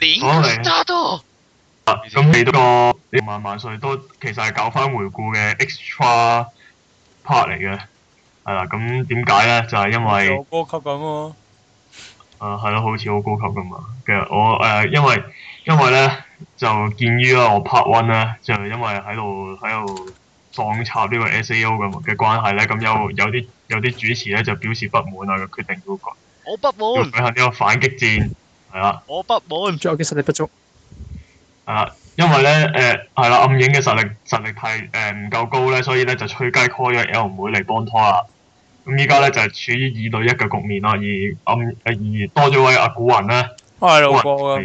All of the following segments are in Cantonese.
咁嚟。啊，咁你個萬萬歲都其實係搞翻回顧嘅 extra part 嚟嘅。係啦，咁點解咧？就係、是、因為。好高級咁啊。啊，係、嗯、咯，好似好高級咁啊。其實我誒、呃，因為因為咧，就鑒於啊，我 part one 咧，就因為喺度喺度當插個呢個 SAO 咁嘅關係咧，咁有有啲有啲主持咧就表示不滿啊嘅決定都。我不滿。要舉行呢個反擊戰。係啦，我不，啊，保唔住我嘅實力不足。係因為咧，誒、呃，係啦，暗影嘅實力實力太誒唔夠高咧，所以咧就吹雞 call 阿 L 妹嚟幫拖啦。咁依家咧就係、是、處於二對一嘅局面啦，而暗、嗯、而多咗位阿、啊、古云咧，阿老哥啊，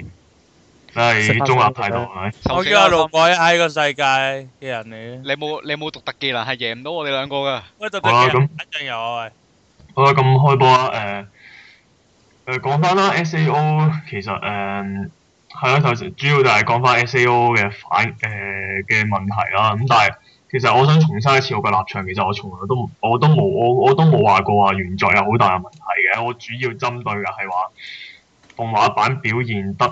真係中立態度係咪？我叫阿老鬼喺個世界嘅人嚟嘅，你冇你冇獨特技能係贏唔到我哋兩個噶。我哋冇啊，咁一定有啊。好啦，咁、啊啊嗯、開波啦、啊，誒、啊。誒、呃、講翻啦，S A O 其實誒係咯，就、嗯啊、主要就係講翻 S A O 嘅反誒嘅、呃、問題啦。咁、嗯、但係其實我想重申一次我嘅立場，其實我從來都我都冇我我都冇話過話原作有好大嘅問題嘅。我主要針對嘅係話動畫版表現得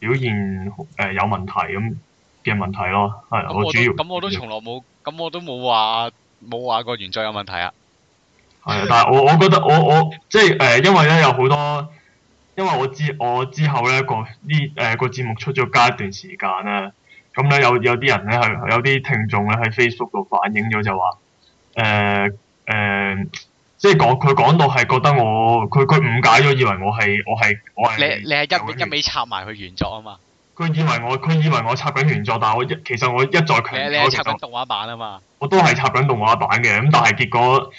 表現誒、呃、有問題咁嘅問題咯。係、啊，咁我都咁我，我都從來冇咁我都冇話冇話過原作有問題啊。係、啊，但係我我覺得我我即係誒、呃，因為咧有好多。因為我知我之後咧個呢誒、呃、個節目出咗加一段時間啦，咁、嗯、咧、嗯、有有啲人咧喺有啲聽眾咧喺 Facebook 度反映咗就話誒誒，即係講佢講到係覺得我佢佢誤解咗，以為我係我係我係你你係一尾一味插埋佢原作啊嘛！佢以為我佢以為我插緊原作，但係我其實我一再強調。其實插緊動畫版啊嘛！我都係插緊動畫版嘅，咁、嗯、但係結果誒。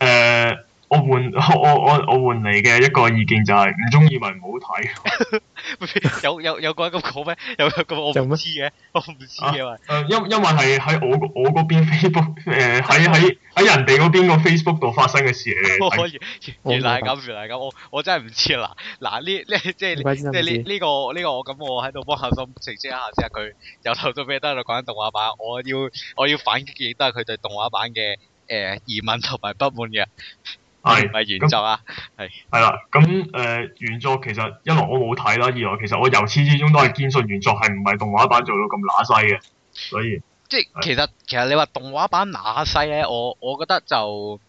呃。我換我我我換嚟嘅一個意見就係唔中意咪唔好睇。 有有有個人咁講咩？有個我唔知嘅，我唔知嘅、啊。因因為係喺我我嗰邊 Facebook 誒、呃、喺喺喺人哋嗰邊個 Facebook 度發生嘅事嚟嘅。可以，原來係咁，原來係咁。我我真係唔知啊！嗱呢呢即係即係呢呢個呢、這個、這個、我咁我喺度幫下手澄清一下，即係佢由頭到尾都喺度講緊動畫版，我要我要反擊嘅都係佢對動畫版嘅誒、呃、疑問同埋不滿嘅。係咪原作啊？係係啦，咁誒 是、呃，原作其實一來我冇睇啦，二來其實我由始至終都係堅信原作係唔係動畫版做到咁乸西嘅，所以即係是其實其實你話動畫版乸西咧，我我覺得就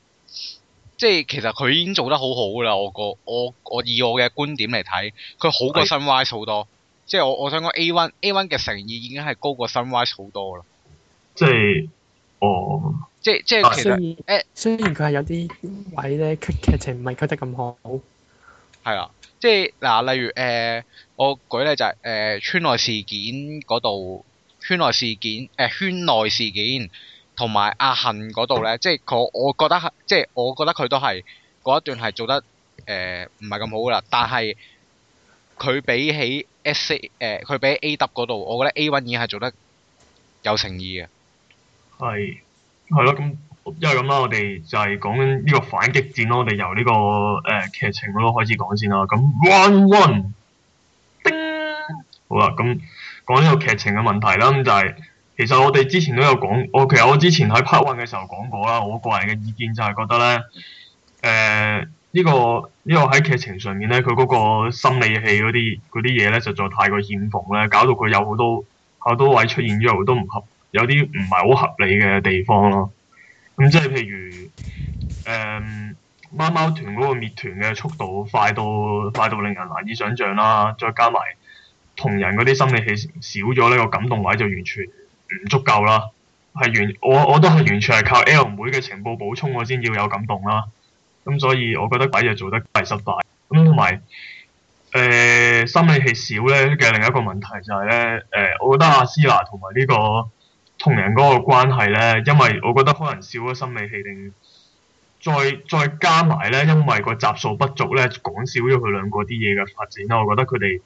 即係其實佢已經做得好好噶啦，我個我我以我嘅觀點嚟睇，佢好過 Sunrise 好多，是即係我我想講 A One A One 嘅誠意已經係高過 Sunrise 好多啦，即係哦。即即雖然誒、欸、雖然佢係有啲位咧，佢劇情唔係做得咁好，係啦，即嗱，例如誒、呃，我舉例就係誒圈內事件嗰度，圈內事件誒、呃、圈內事件同埋阿恒嗰度咧，即我我覺得即我覺得佢都係嗰一段係做得誒唔係咁好啦，但係佢比起 S A 誒、呃、佢比起 A W 嗰度，我覺得 A one 已經係做得有誠意嘅，係。係咯，咁因為咁啦，我哋就係講緊呢個反擊戰咯。我哋由呢、這個誒、呃、劇情度開始講先啦。咁 one one，叮，好啦，咁講呢個劇情嘅問題啦。咁就係、是、其實我哋之前都有講，我其實我之前喺 part one 嘅時候講過啦。我個人嘅意見就係覺得咧，誒、呃、呢、這個呢、這個喺劇情上面咧，佢嗰個心理戲嗰啲啲嘢咧，實在太過欠奉咧，搞到佢有好多好多位出現咗好多唔合。有啲唔係好合理嘅地方咯，咁即係譬如，誒、嗯、貓貓團嗰個滅團嘅速度快到快到令人難以想象啦，再加埋同人嗰啲心理氣少咗呢，個感動位就完全唔足夠啦，係，完我我都係完全係靠 L 妹嘅情報補充我先要有感動啦，咁所以我覺得鬼就做得係失敗，咁同埋誒心理氣少咧嘅另一個問題就係、係、咧，誒、呃、我覺得阿斯娜同埋呢個。同人嗰個關係咧，因為我覺得可能少咗心理氣定，再再加埋咧，因為個集數不足咧，講少咗佢兩個啲嘢嘅發展咯。我覺得佢哋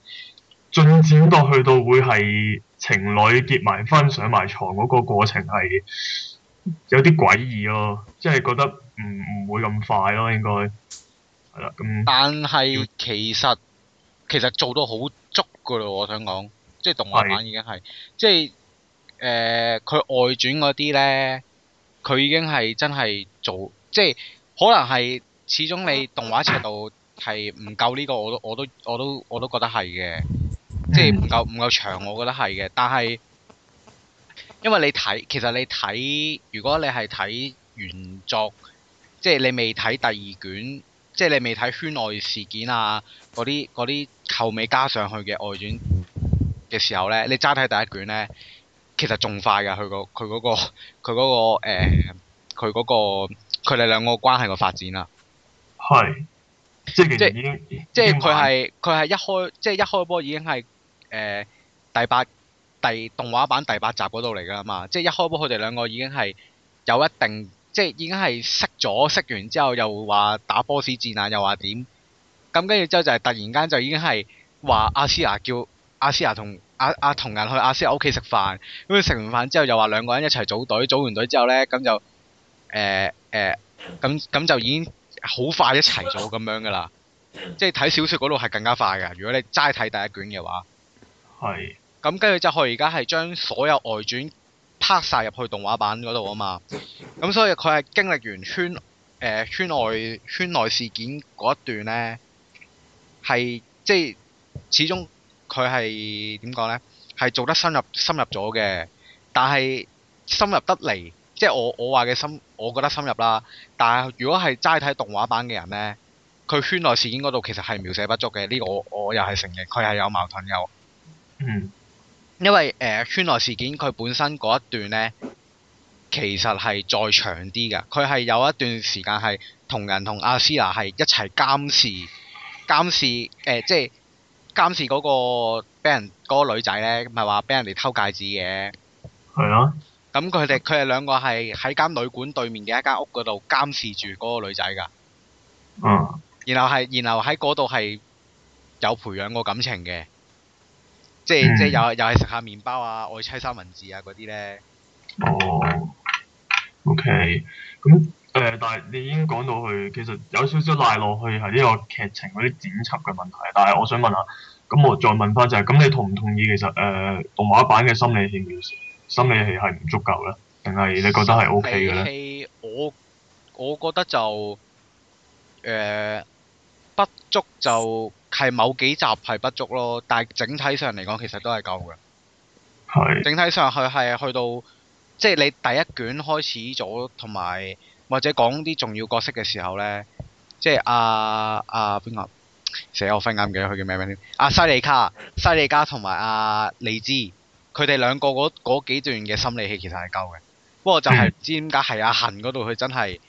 進展到去到會係情侶結埋婚上埋床嗰個過程係有啲詭異咯，即係覺得唔唔會咁快咯，應該係啦。咁但係其實其實做到好足噶啦，我想講，即係動畫版已經係的即係。誒，佢、呃、外傳嗰啲呢，佢已經係真係做，即係可能係始終你動畫尺度係唔夠呢、呢個，我都我都我都我都，我都覺得係嘅，即係唔夠唔夠長，我覺得係嘅。但係因為你睇，其實你睇，如果你係睇原作，即係你未睇第二卷，即係你未睇圈外事件啊嗰啲嗰啲後尾加上去嘅外傳嘅時候呢，你齋睇第一卷呢。其實仲快噶佢、嗰個佢嗰、嗰個佢嗰、呃嗰個誒，佢嗰個佢哋兩個關係個發展啦。係 。即係即係，即佢係佢係一開，即係一開波已經係誒、呃、第八第動畫版第八集嗰度嚟噶嘛？即係一開波，佢哋兩個已經係有一定，即係已經係識咗，識完之後又話打 boss 戰啊，又話點？咁跟住之後就係突然間就已經係話阿斯亞叫阿斯亞同。阿阿同人去阿思屋企食飯，咁佢食完飯之後又話兩個人一齊組隊，組完隊之後呢，咁就誒誒咁咁就已經好快一齊咗咁樣㗎喇，即係睇小説嗰度係更加快嘅，如果你齋睇第一卷嘅話，係是。咁跟住就佢而家係將所有外傳拍晒入去動畫版嗰度啊嘛，咁所以佢係經歷完圈誒、呃、圈外圈內事件嗰一段呢，係即係始終。佢係點講呢？係做得深入深入咗嘅，但係深入得嚟，即係我我話嘅深，我覺得深入啦。但係如果係齋睇動畫版嘅人呢，佢圈內事件嗰度其實係描寫不足嘅。呢、這個我我又係承認，佢係有矛盾嘅。嗯、因為誒、呃、圈內事件佢本身嗰一段呢，其實係再長啲嘅。佢係有一段時間係同人同亞斯娜係一齊監視監視誒、呃，即係。監視嗰個俾人嗰、嗰個女仔呢，唔係話俾人哋偷戒指嘅。係啊。咁佢哋佢哋兩個係喺間旅館對面嘅一間屋嗰度監視住嗰個女仔噶、啊。然後係然後喺嗰度係有培養過感情嘅。即係、嗯、即係又係又係食下麵包啊，愛妻三文治啊嗰啲呢。哦。O、okay. K、嗯。誒，但係你已經講到去，其實有少少賴落去係呢個劇情嗰啲剪輯嘅問題。但係我想問下，咁我再問翻就係，咁你同唔同意？其實誒，動畫版嘅心理戲心理戲係唔足夠咧，定係你覺得係 O K 嘅咧？心理戲我，我覺得就，誒，不足就係某幾集係不足咯，但係整體上嚟講，其實都係夠嘅。係。整體上去係去到，即係你第一卷開始咗，同埋。或者講啲重要角色嘅時候咧，即係阿阿邊個？死、啊啊、我分眼嘅，唔記得佢叫咩名添？阿西莉卡、西莉卡同埋阿利、啊、茲，佢哋兩個嗰幾段嘅心理戲其實係夠嘅。不過就係、是嗯、知點解係阿恆嗰度，佢真係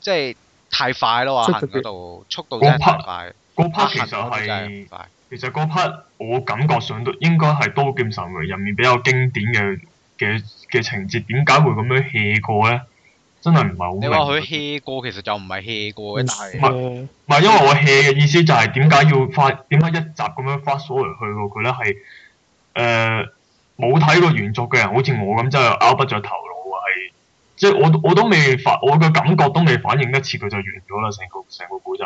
即係太快咯！阿恆嗰度速度真係快，嗰 part 其實係，其實嗰 part 我感覺上都應該係刀劍神域入面比較經典嘅嘅嘅情節，點解會咁樣 hea 過咧？真係唔係好明。你話佢 hea 過，其實就唔係 hea 過嘅，但係唔係唔係因為我 hea，嘅意思就係點解要發，點解一集咁樣 fast forward 去咯，佢咧係誒，冇睇過原作嘅人好似我咁，真係拗不著頭腦，係即係我我都未發，我嘅感覺都未反應一次，佢就完咗啦，成個成個故仔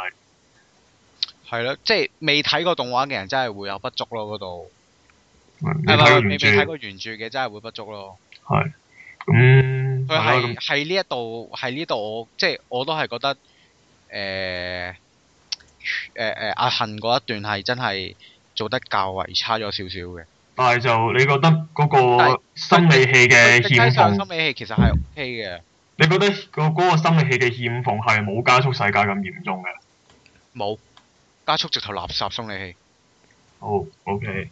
係咯，即係未睇過動畫嘅人真係會有不足咯，嗰度係咪未未睇過原著嘅真係會不足咯，係。嗯，佢係喺呢一度，喺呢度，即係我都係覺得，誒、呃，誒、呃、誒、呃，阿恒嗰一段係真係做得較為差咗少少嘅。但係就你覺得嗰個心理戲嘅欠奉？是心理戲其實係 O K 嘅。你覺得個嗰個心理戲嘅欠奉係冇加速世界咁嚴重嘅？冇，加速直頭垃圾心理戲。好，O K。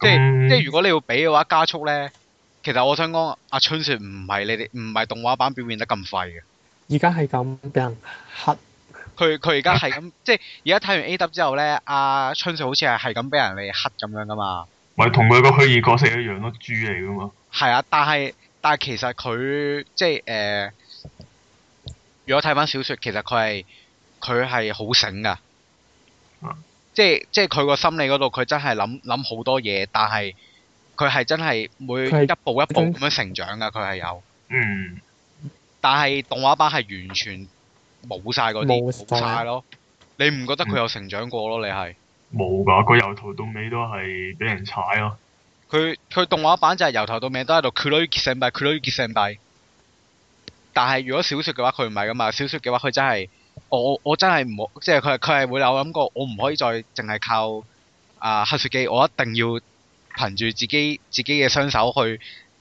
嗯、即係、嗯、即係，如果你要俾嘅話，加速咧。其實我想講阿、啊、春雪唔係你哋唔係動畫版表現得咁廢嘅，而家係咁俾人黑。佢佢而家係咁， 即係而家睇完 AW 之後咧，阿、啊、春雪好似係係咁俾人哋黑咁樣噶嘛。咪同佢個虛擬角色一樣咯，豬嚟噶嘛。係啊，但係但係其實佢即係誒、呃，如果睇翻小說，其實佢係佢係好醒噶，即係即係佢個心理嗰度，佢真係諗諗好多嘢，但係。佢係真係會一步一步咁樣成長噶，佢係有。嗯。但係動畫版係完全冇晒嗰啲，冇晒咯。了你唔覺得佢有成長過咯？你係。冇噶，佢由頭到尾都係俾人踩咯、啊。佢佢動畫版就係由頭到尾都喺度，佢攞啲金幣，佢攞啲金幣。但係如果小說嘅話，佢唔係噶嘛？小說嘅話，佢真係我我真係唔可，即係佢佢係會有諗過，我唔可以再淨係靠啊黑、呃、雪姬，我一定要。憑住自己自己嘅雙手去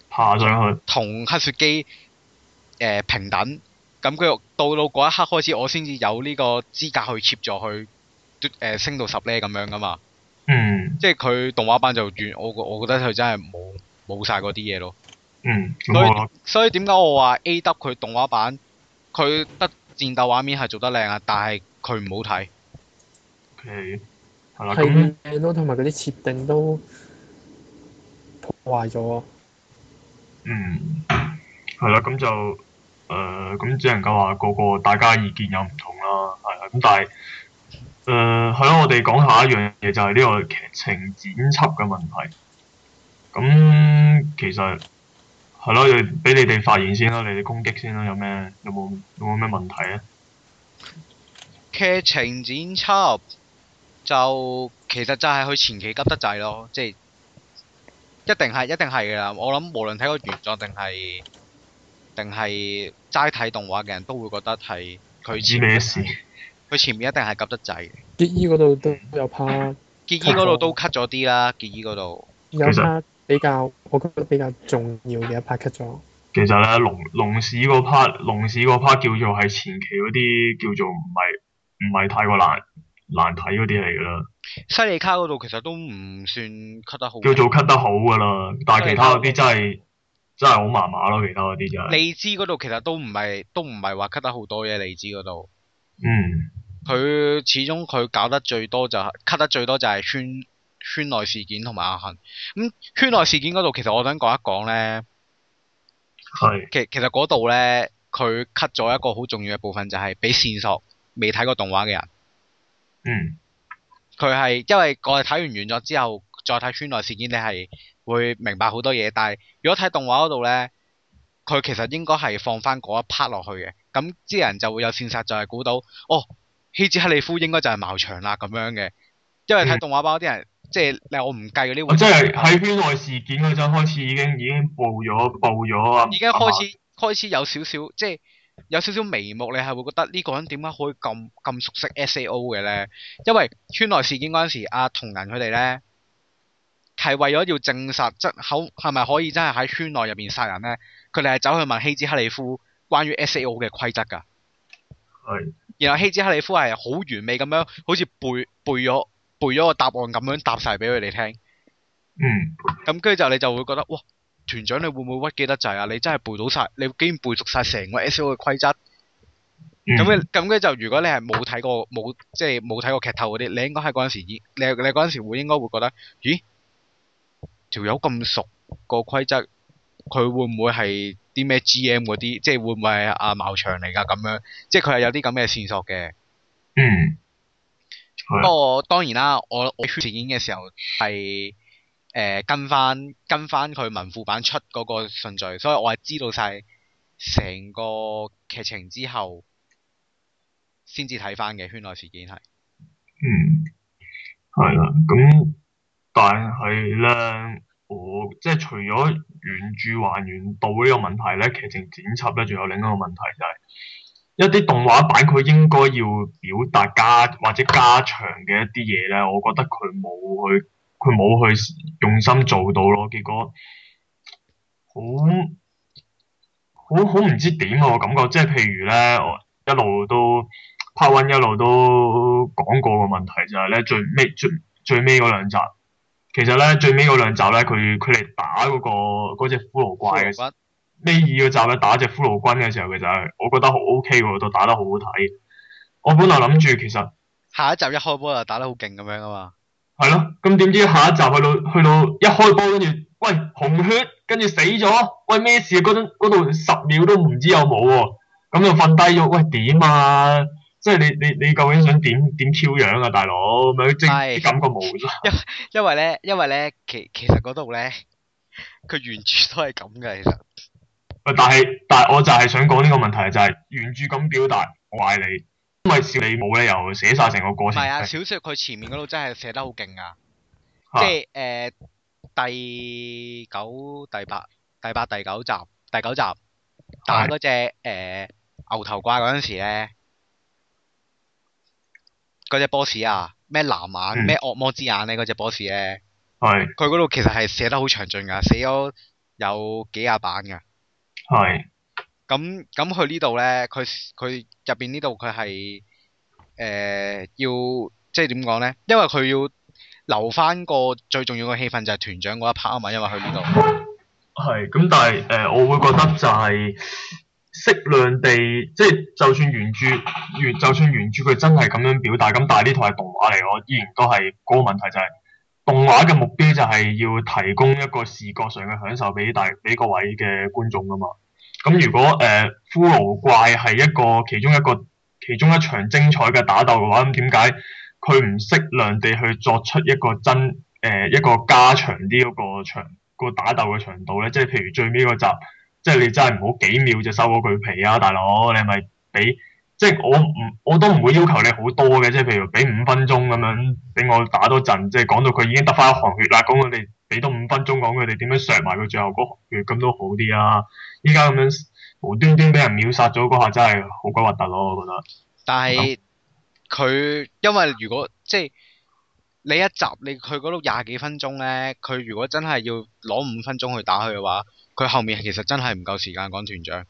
爬上去，同黑雪姬誒、呃、平等。咁佢到到嗰一刻開始，我先至有呢個資格去協助去誒、呃、升到十咧咁樣噶嘛。嗯。即係佢動畫版就完，我我覺得佢真係冇冇晒嗰啲嘢咯。嗯所。所以所以點解我話 AW 佢動畫版，佢得戰鬥畫面係做得靚啊，但係佢唔好睇。OK。係咯，同埋嗰啲設定都。壞咗。壞，嗯，係啦，咁就誒，咁只能夠話個個大家意見又唔同啦，係啦，咁，但係誒，係、呃、咯，我哋講下一樣嘢就係呢個劇情剪輯嘅問題。咁其實係咯，要俾你哋發現先啦，你哋攻擊先啦，有咩有冇有冇咩問題咧？劇情剪輯就其實就係佢前期急得滯咯，即係。一定係一定係噶啦！我諗無論睇個原作定係定係齋睇動畫嘅人都會覺得係佢知咩事，佢前面一定係急得滯。結衣嗰度都有 part，結衣嗰度都 cut 咗啲啦，結衣嗰度。有 part 比較，我覺得比較重要嘅一 part cut 咗。其實咧，龍龍市嗰 part，龍市嗰 part 叫做係前期嗰啲叫做唔係唔係太過難難睇嗰啲嚟噶啦，西利卡嗰度其實都唔算 cut 得好，叫做 cut 得好噶啦，但係其他嗰啲真係真係好麻麻咯，其他嗰啲就。利茲嗰度其實都唔係都唔係話 cut 得好多嘅，利茲嗰度。嗯，佢始終佢搞得最多就係、是、cut 得最多就係圈圈內事件同埋阿恆咁、嗯、圈內事件嗰度，其實我想講一講咧，係是其其實嗰度咧，佢 cut 咗一個好重要嘅部分，就係、是、俾線索未睇過動畫嘅人。嗯，佢係因為我係睇完完咗之後再睇圈內事件，你係會明白好多嘢。但係如果睇動畫嗰度咧，佢其實應該係放翻嗰一 part 落去嘅。咁啲人就會有線索，就係、是、估到哦，希治克里夫應該就係茅場啦咁樣嘅。因為睇動畫包啲人，嗯、即係我唔計嗰啲。我即係喺圈內事件嗰陣、嗯、開始已經已經報咗報咗啊，已經開始開始有少少即係。有少少眉目，你係會覺得呢個人點解可以咁咁熟悉 S A O 嘅咧？因為圈內事件嗰陣時，阿、啊、同人佢哋咧係為咗要證實，即係可係咪可以真係喺圈內入邊殺人咧？佢哋係走去問希茲克里夫關於 S A O 嘅規則噶。係是。然後希茲克里夫係好完美咁樣，好似背背咗背咗個答案咁樣答晒俾佢哋聽。嗯。咁跟住就你就會覺得，哇！團長你會唔會屈機得滯啊？你真係背到晒，你竟然背熟晒成個 SO 嘅規則，咁嘅咁嘅就如果你係冇睇過冇即係冇睇過劇透嗰啲，你應該喺嗰陣時，你你嗰陣時會應該會覺得，咦條友咁熟個規則，佢會唔會係啲咩 GM 嗰啲，即係會唔會係阿茂祥嚟噶咁樣？即係佢係有啲咁嘅線索嘅。嗯。不過、那個嗯、當然啦，我我演嘅時候係。誒、呃，跟翻跟翻佢文庫版出嗰個順序，所以我係知道晒成個劇情之後，先至睇翻嘅《圈內事件》係。嗯，係啦，咁但係咧，我即係除咗原著還原度呢個問題咧，劇情剪輯咧，仲有另一個問題就係、是，一啲動畫版佢應該要表達加或者加長嘅一啲嘢咧，我覺得佢冇去。佢冇去用心做到咯，結果好好好唔知點啊。我感覺即係譬如咧，我一路都 part one 一路都講過個問題就係咧，最尾最最，最最尾嗰兩集，其實咧最尾嗰兩集咧佢佢哋打嗰個嗰隻骷髏怪嘅時候，呢二髏個集咧打隻骷髏軍嘅時候嘅就係我覺得好 O K 喎，都打得好好睇。我本來諗住其實下一集一開波就打得好勁咁樣啊嘛！係咯，咁點 知下一集去到去到一開波，跟住喂紅血，跟住死咗，喂咩事啊？嗰度十秒都唔知有冇喎，咁就瞓低咗。喂點啊？即係你你你究竟想點點超樣，嗯、樣，樣啊，大佬？咪即係感覺冇咗。因因為咧，因為咧，其其實嗰度咧，佢原著都係咁嘅，其實。喂，但係但係，我就係想講呢個問題就係、是、原著咁表達，我愛你。因為你冇理由又寫晒成個歌先。唔係啊，小說佢前面嗰度真係寫得好勁噶，啊、即係誒、呃、第九、第八、第八、第九集、第九集是打嗰隻誒牛頭怪嗰陣時咧，嗰隻 boss 啊，咩藍眼、咩惡、嗯、魔之眼咧，嗰隻 boss 咧、啊，係佢嗰度其實係寫得好詳盡噶，寫咗有幾廿版噶，係。咁咁佢呢度咧，佢佢入邊呢度佢係誒要即係點講咧？因為佢要留翻個最重要嘅氣氛，就係團長嗰一 part 啊嘛，因為去呢度係咁，但係誒、呃、我會覺得就係適量地，即、就、係、是、就算原著原就算原著佢真係咁樣表達，咁但係呢套係動畫嚟，我依然都係嗰、那個問題就係、是、動畫嘅目標就係要提供一個視覺上嘅享受俾大俾各位嘅觀眾啊嘛。咁如果誒、呃、骷髏怪係一個其中一個其中一場精彩嘅打鬥嘅話，咁點解佢唔適量地去作出一個真誒、呃、一個加長啲嗰個長打鬥嘅長度咧？即係譬如最尾嗰集，即係你真係唔好幾秒就收咗佢皮啊，大佬！你係咪俾即係我唔我都唔會要求你好多嘅，即係譬如俾五分鐘咁樣俾我打多陣，即係講到佢已經得翻一狂血啦，咁我哋。俾多五分鐘講佢哋點樣削埋佢最後嗰咁都好啲啊！依家咁樣無端端俾人秒殺咗嗰下真係好鬼核突咯，我覺得。但係是佢這樣 因為如果即係你一集你去嗰度廿幾分鐘咧，佢如果真係要攞五分鐘去打佢嘅話，佢後面其實真係唔夠時間講團長。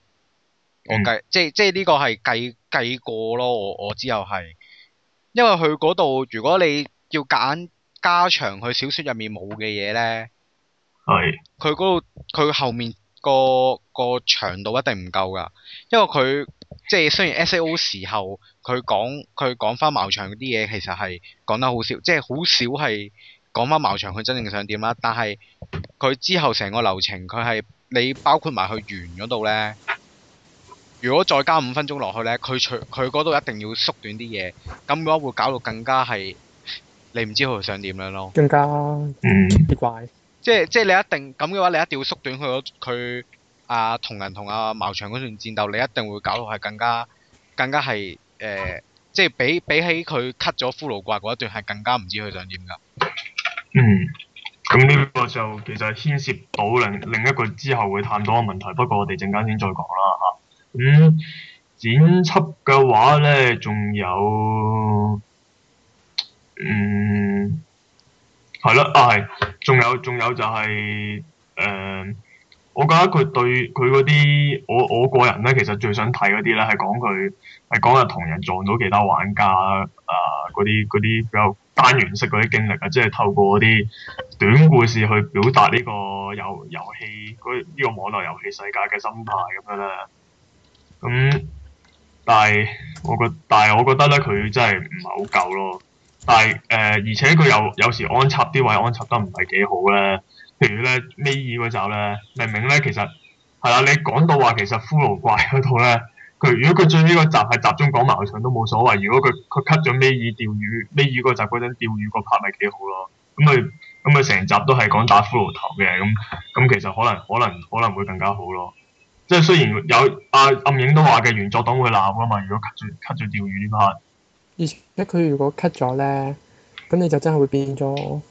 嗯、我計即即係呢個係計計過咯，我我之後係。因為佢嗰度如果你要揀。加長佢小說入面冇嘅嘢呢，係佢嗰度佢後面、那個個長度一定唔夠噶，因為佢即係雖然 S A O 時候佢講佢講翻茅場嗰啲嘢，其實係講得好少，即係好少係講翻茅場佢真正想點啦。但係佢之後成個流程，佢係你包括埋去完嗰度呢。如果再加五分鐘落去呢，佢佢嗰度一定要縮短啲嘢，咁樣會搞到更加係。你唔知佢想點樣咯？更加嗯，怪，即係即係你一定咁嘅話，你一定要縮短佢佢啊，同人同阿茅場嗰段戰鬥，你一定會搞到係更加更加係誒、呃，即係比比起佢 cut 咗骷髏怪嗰一段係更加唔知佢想點㗎。嗯，咁呢個就其實牽涉到另另一個之後會探討嘅問題，不過我哋陣間先再講啦嚇。咁、嗯、剪輯嘅話咧，仲有。嗯，係咯，啊係，仲有仲有就係誒，我覺得佢對佢嗰啲，我我個人咧，其實最想睇嗰啲咧，係講佢係講啊同人撞到其他玩家啊，嗰啲嗰啲比較單元式嗰啲經歷啊，即係透過嗰啲短故事去表達呢個遊遊戲呢個網絡遊戲世界嘅心態咁樣啦。咁，但係我覺，但係我覺得咧，佢真係唔係好夠咯。但係誒、呃，而且佢又有，有時安插啲位安插得唔係幾好咧。譬如咧，尾二嗰集咧，明明咧其實係啦，你講到話其實骷髏怪嗰度咧，佢如果佢最尾嗰集係集中講矛盾都冇所謂。如果佢佢 cut 咗尾二釣魚，尾二嗰集嗰陣釣魚個拍咪幾好咯。咁佢咁佢成集都係講打骷髏頭嘅咁，咁、嗯嗯、其實可能可能可能會更加好咯。即係雖然有阿、啊、暗影都話嘅原作黨會鬧啊嘛。如果 cut 住 cut 咗釣魚呢拍。而且佢如果 cut 咗咧，咁你就真係會變咗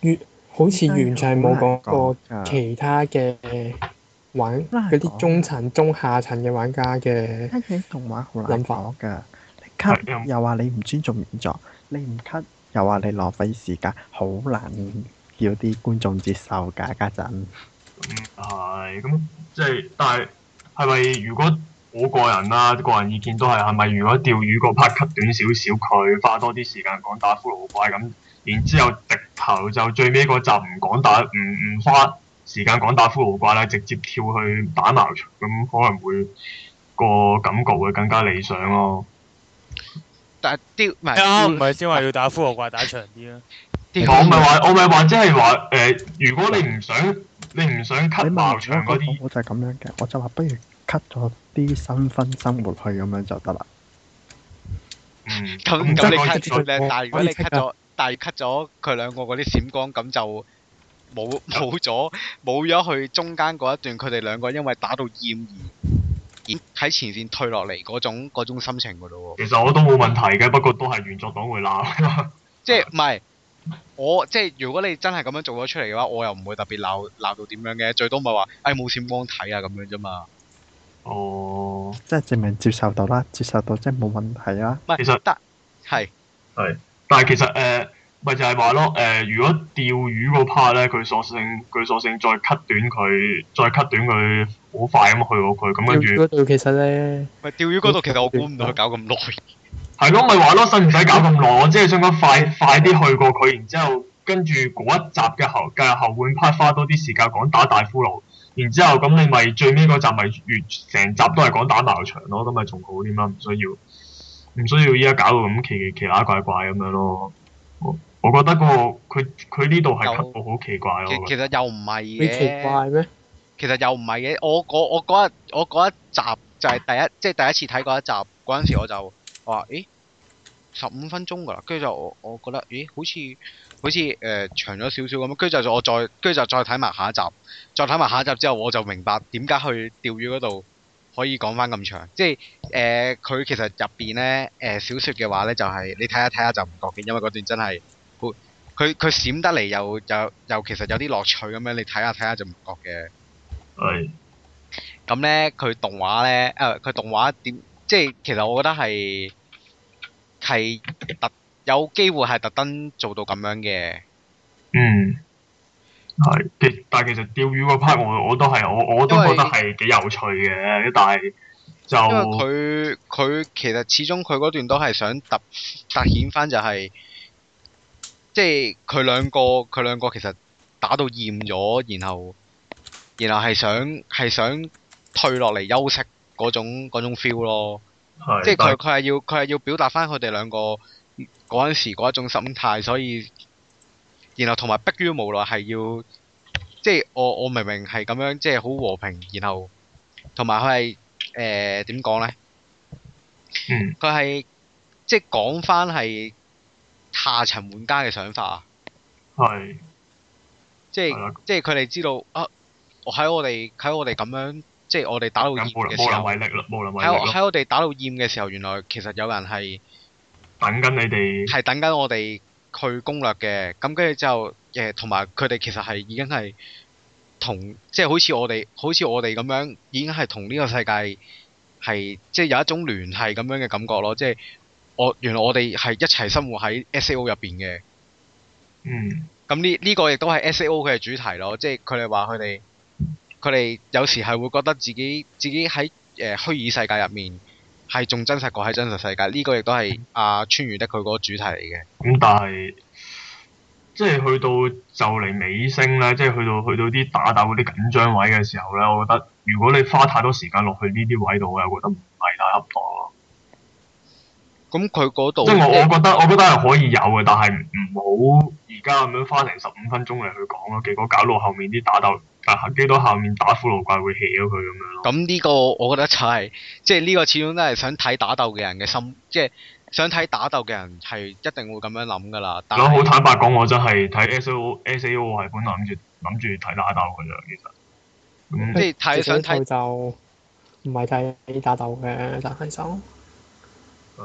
越好似完全係冇講過其他嘅玩嗰啲中層、中下層嘅玩家嘅好諗法㗎。cut 又話你唔尊重原作，你唔 cut 又話你浪費時間，好難叫啲觀眾接受㗎家陣。係，咁即係，但係係咪如果？我個人啦，個人意見都係，係咪如果釣魚嗰 part cut 短少少，佢花多啲時間講打骷髏怪咁，然之後直頭就最尾嗰集唔講打，唔唔花時間講打骷髏怪咧，直接跳去打矛長，咁可能會、那個感覺會更加理想咯。但係丟唔係先話要打骷髏怪打長啲啦。丟我咪係話，嗯、我咪係話，即係話誒，如果你唔想，嗯嗯、你唔想 cut 矛長嗰啲，我就係咁樣嘅，我就話不如 cut 咗。啲新婚生活去咁樣就得啦。嗯，咁咁你 cut 咗咧？我但係如果你 cut 咗， 但係 cut 咗佢兩個嗰啲閃光，咁就冇冇咗，冇咗去中間嗰一段。佢哋兩個因為打到厭而喺前線退落嚟嗰種嗰種心情噶咯。其實我都冇問題嘅，不過都係原作黨會鬧 即係唔係我即係如果你真係咁樣做咗出嚟嘅話，我又唔會特別鬧鬧到點樣嘅，最多咪話誒冇閃光睇啊咁樣啫嘛。哦，oh, 即係證明接受到啦，接受到即係冇問題啊。其實得係係，但係其實誒，咪、呃、就係話咯，誒、呃，如果釣魚個 part 咧，佢索性佢索性再 cut 短佢，再 cut 短佢，好快咁去過佢。咁跟住嗰度其實咧，咪釣魚嗰度，其實我估唔到佢搞咁耐。係咯，咪話咯，使唔使搞咁耐？我即係想講快 快啲去過佢，然之後,然後跟住嗰一集嘅後嘅後半 part 花多啲時間講打,打大骷髏。然之後咁你咪最尾嗰集咪越成集都係講打鬧場咯，咁咪仲好啲嘛？唔需要唔需要依家搞到咁奇，奇奇拉怪怪咁樣咯。我我覺得嗰個佢佢呢度係級度好奇怪咯又覺。其實又唔係嘅。奇怪咩？其實又唔係嘅。我我我嗰一我一集就係第一即係、就是、第一次睇嗰一集嗰陣時我，我誒就我話，誒十五分鐘㗎啦。跟住就我覺得咦，好似。好似誒長咗少少咁，跟住就我再，跟住就再睇埋下一集，再睇埋下一集之後，我就明白點解去釣魚嗰度可以講翻咁長，即係誒佢其實入邊咧誒小説嘅話咧，就係你睇下睇下就唔覺嘅，因為嗰段真係佢佢閃得嚟又又又其實有啲樂趣咁樣，你睇下睇下就唔覺嘅。係。咁咧，佢動畫咧，誒佢動畫點？即係其實我覺得係係特。有機會係特登做到咁樣嘅，嗯，係但係其實釣魚嗰 part 我,我都係我我都覺得係幾有趣嘅，但係就因為佢佢其實始終佢嗰段都係想突突顯翻就係即係佢兩個佢兩個其實打到厭咗，然後然後係想係想退落嚟休息嗰種嗰種 feel 咯，是即係佢佢係要佢係要表達翻佢哋兩個。嗰陣時嗰一種心態，所以，然後同埋迫於無奈係要，即係我我明明係咁樣，即係好和平，然後同埋佢係誒點講呢？佢係、嗯、即係講返係下層玩家嘅想法啊。係。即係即係佢哋知道啊。喺我哋喺我哋咁樣，即係我哋打到厭嘅時候，冇能為力啦，冇能為力咯。喺喺我哋打到厭嘅時候，原來其實有人係。等緊你哋係等緊我哋去攻略嘅，咁跟住之後，誒，同埋佢哋其實係已經係同，即係好似我哋，好似我哋咁樣，已經係同呢個世界係，即係有一種聯繫咁樣嘅感覺咯，即係我原來我哋係一齊生活喺 S A O 入邊嘅。嗯。咁呢呢個亦都係 S A O 嘅主題咯，即係佢哋話佢哋，佢哋有時係會覺得自己自己喺誒、呃、虛擬世界入面。係仲真實過喺真實世界，呢、這個亦都係阿穿越得佢嗰個主題嚟嘅。咁、嗯、但係，即係去到就嚟尾聲咧，即係去到去到啲打鬥嗰啲緊張位嘅時候咧，我覺得如果你花太多時間落去呢啲位度，我又覺得唔係太恰當咯。咁佢嗰度，即係我我覺得，我覺得係可以有嘅，但係唔好而家咁樣花成十五分鐘嚟去講咯，結果搞到後面啲打鬥。但係機到下面打骷髏怪會起咗佢咁樣咯。咁呢個我覺得就係、是，即係呢個始終都係想睇打鬥嘅人嘅心。即、就、係、是、想睇打鬥嘅人係一定會咁樣諗噶啦。講好，嗯、坦白講，我真係睇 SAO SAO 係本嚟諗住諗住睇打鬥嘅啫，其實。即係睇想睇實看就唔係睇打鬥嘅，但分手。係。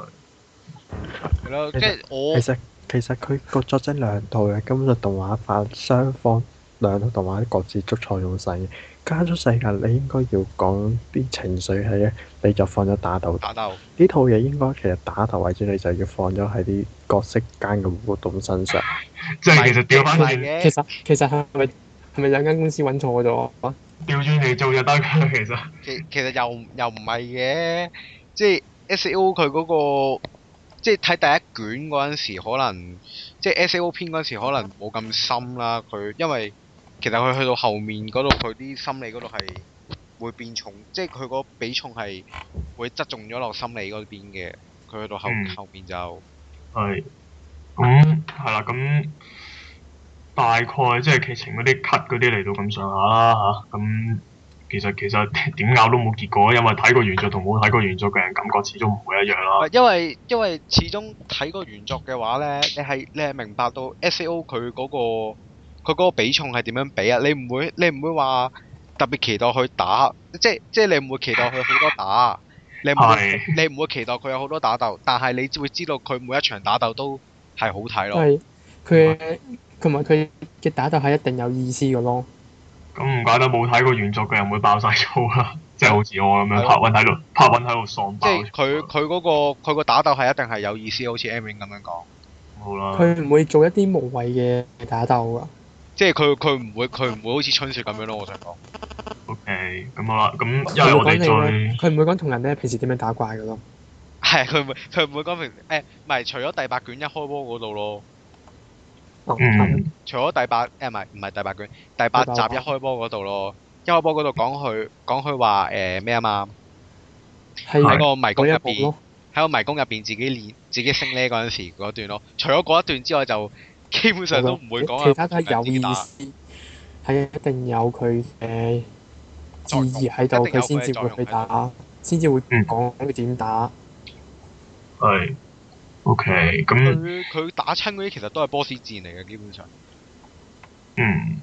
咯，跟住我，我其。其實其實佢個作者兩套嘅，根本就動畫版雙方。兩套動畫咧，各自捉錯用神，加速世界，你應該要講啲情緒喺咧，你就放咗打鬥。打鬥呢套嘢應該其實打鬥或者你就要放咗喺啲角色間嘅互動身上。即係其實調翻嚟嘅。其實其實係咪係咪兩間公司揾錯咗？調轉嚟做就得㗎啦，其實。其其實又又唔係嘅，即係 SAO 佢嗰個，即係睇第一卷嗰陣時，可能即係 SAO 編嗰時可能冇咁深啦，佢因為。其實佢去到後面嗰度，佢啲心理嗰度係會變重，即係佢個比重係會側重咗落心理嗰邊嘅。佢去到後、嗯、後面就係咁係啦，咁大概即係劇情嗰啲 cut 嗰啲嚟到咁上下啦吓。咁其實其實點咬都冇結果，因為睇過原作同冇睇過原作嘅人感覺始終唔會一樣啦。因為因為始終睇過原作嘅話咧，你係你係明白到 S A O 佢嗰、個。佢嗰個比重係點樣比啊？你唔會，你唔會話特別期待去打，即係即係你唔會期待佢好多打，你唔 你唔會期待佢有好多打鬥，但係你會知道佢每一場打鬥都係好睇咯。佢同埋佢嘅打鬥係一定有意思嘅咯。咁唔 怪得冇睇過原作佢又唔會爆晒粗啦， 即係好似我咁樣拍允睇拍喺度喪爆，即係佢佢嗰個佢個打鬥係一定係有意思，好似 m i n 咁樣講。好啦吧。佢唔會做一啲無謂嘅打鬥噶。即係佢佢唔會佢唔會好似春雪咁樣咯，我想講。OK，咁好啦，咁又我哋再佢唔會講同人咧，平時點樣打怪噶咯？係佢唔會佢唔會講平誒，唔係除咗第八卷一開波嗰度咯。除咗第八誒，唔係唔係第八卷第八集一開波嗰度咯，一開波嗰度講佢講佢話誒咩啊嘛？喺個迷宮入邊，喺個迷宮入邊自己練自己升呢嗰陣時嗰段咯，除咗嗰一段之外就。基本上都唔會講其他都係有意思，係一定有佢誒注意喺度，佢先至會去打，先至、嗯、會唔講睇佢點打。係、嗯，OK，咁佢打親嗰啲其實都係 boss 戰嚟嘅，基本上。嗯，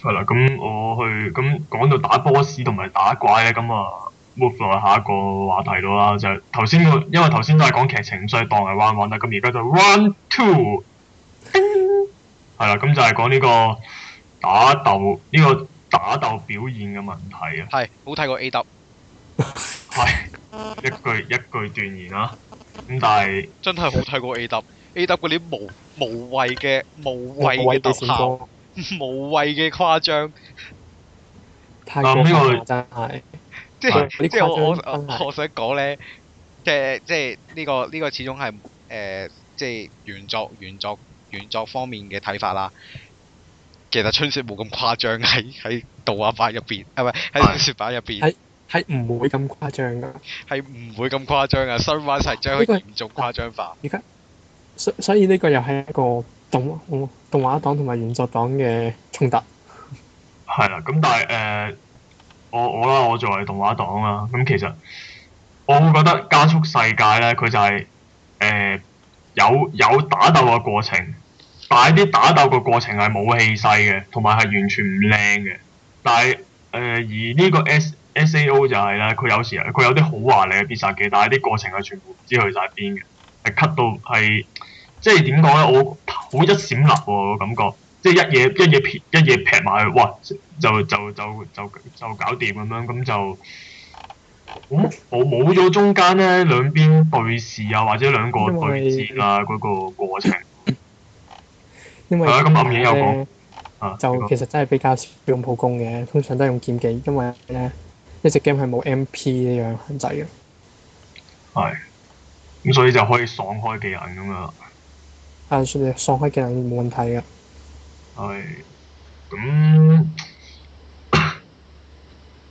係啦，咁我去咁講到打 boss 同埋打怪咧，咁啊 move 落下一個話題度啦，就頭、是、先因為頭先都係講劇情，所以當係玩玩啦，咁而家就 one two。係啦，咁就係講呢個打鬥呢個打鬥表現嘅問題啊。係，冇睇過 A W。係， 一句一句斷言啦、啊。咁但係真係冇睇過 A W。 A W 嗰啲無無謂嘅無謂嘅特效，無謂嘅誇張，太過真係。即係即係我我 我想講咧，即係即係呢個呢、這個始終係誒即係原作原作。原作方面嘅睇法啦，其實春雪冇咁誇張，喺喺動畫版入邊，啊係咪？喺小說版入邊，係係唔會咁誇張噶，係唔會咁誇張啊！新番成日將佢嚴重誇張化。而家所所以呢個又係一個動動動畫黨同埋原作黨嘅衝突。係啦，咁但係誒、呃，我我啦，我作為動畫黨啦，咁其實我會覺得加速世界咧，佢就係、是、誒、呃、有有,有打鬥嘅過程。但係啲打鬥嘅過程係冇氣勢嘅，同埋係完全唔靚嘅。但係誒、呃，而呢個 S S A O 就係、是、啦，佢有時佢有啲好華麗嘅必殺技，但係啲過程係全部唔知去晒邊嘅，係 cut 到係即係點講咧？我好一閃立喎我感覺，即係一嘢一嘢劈一嘢劈埋去，哇！就就就就就，就搞掂咁樣，咁就冇冇冇咗中間咧兩邊對視啊，或者兩個對戰啊嗰、那個過程。因為咧就其實真係比較用、啊嗯、普攻嘅，通常都係用劍技，因為咧一隻 game 係冇 MP 呢樣限制嘅。係、嗯，咁所以就可以爽開技能咁樣！係、嗯，算啦，爽開技能冇問題嘅。係，咁、嗯、咁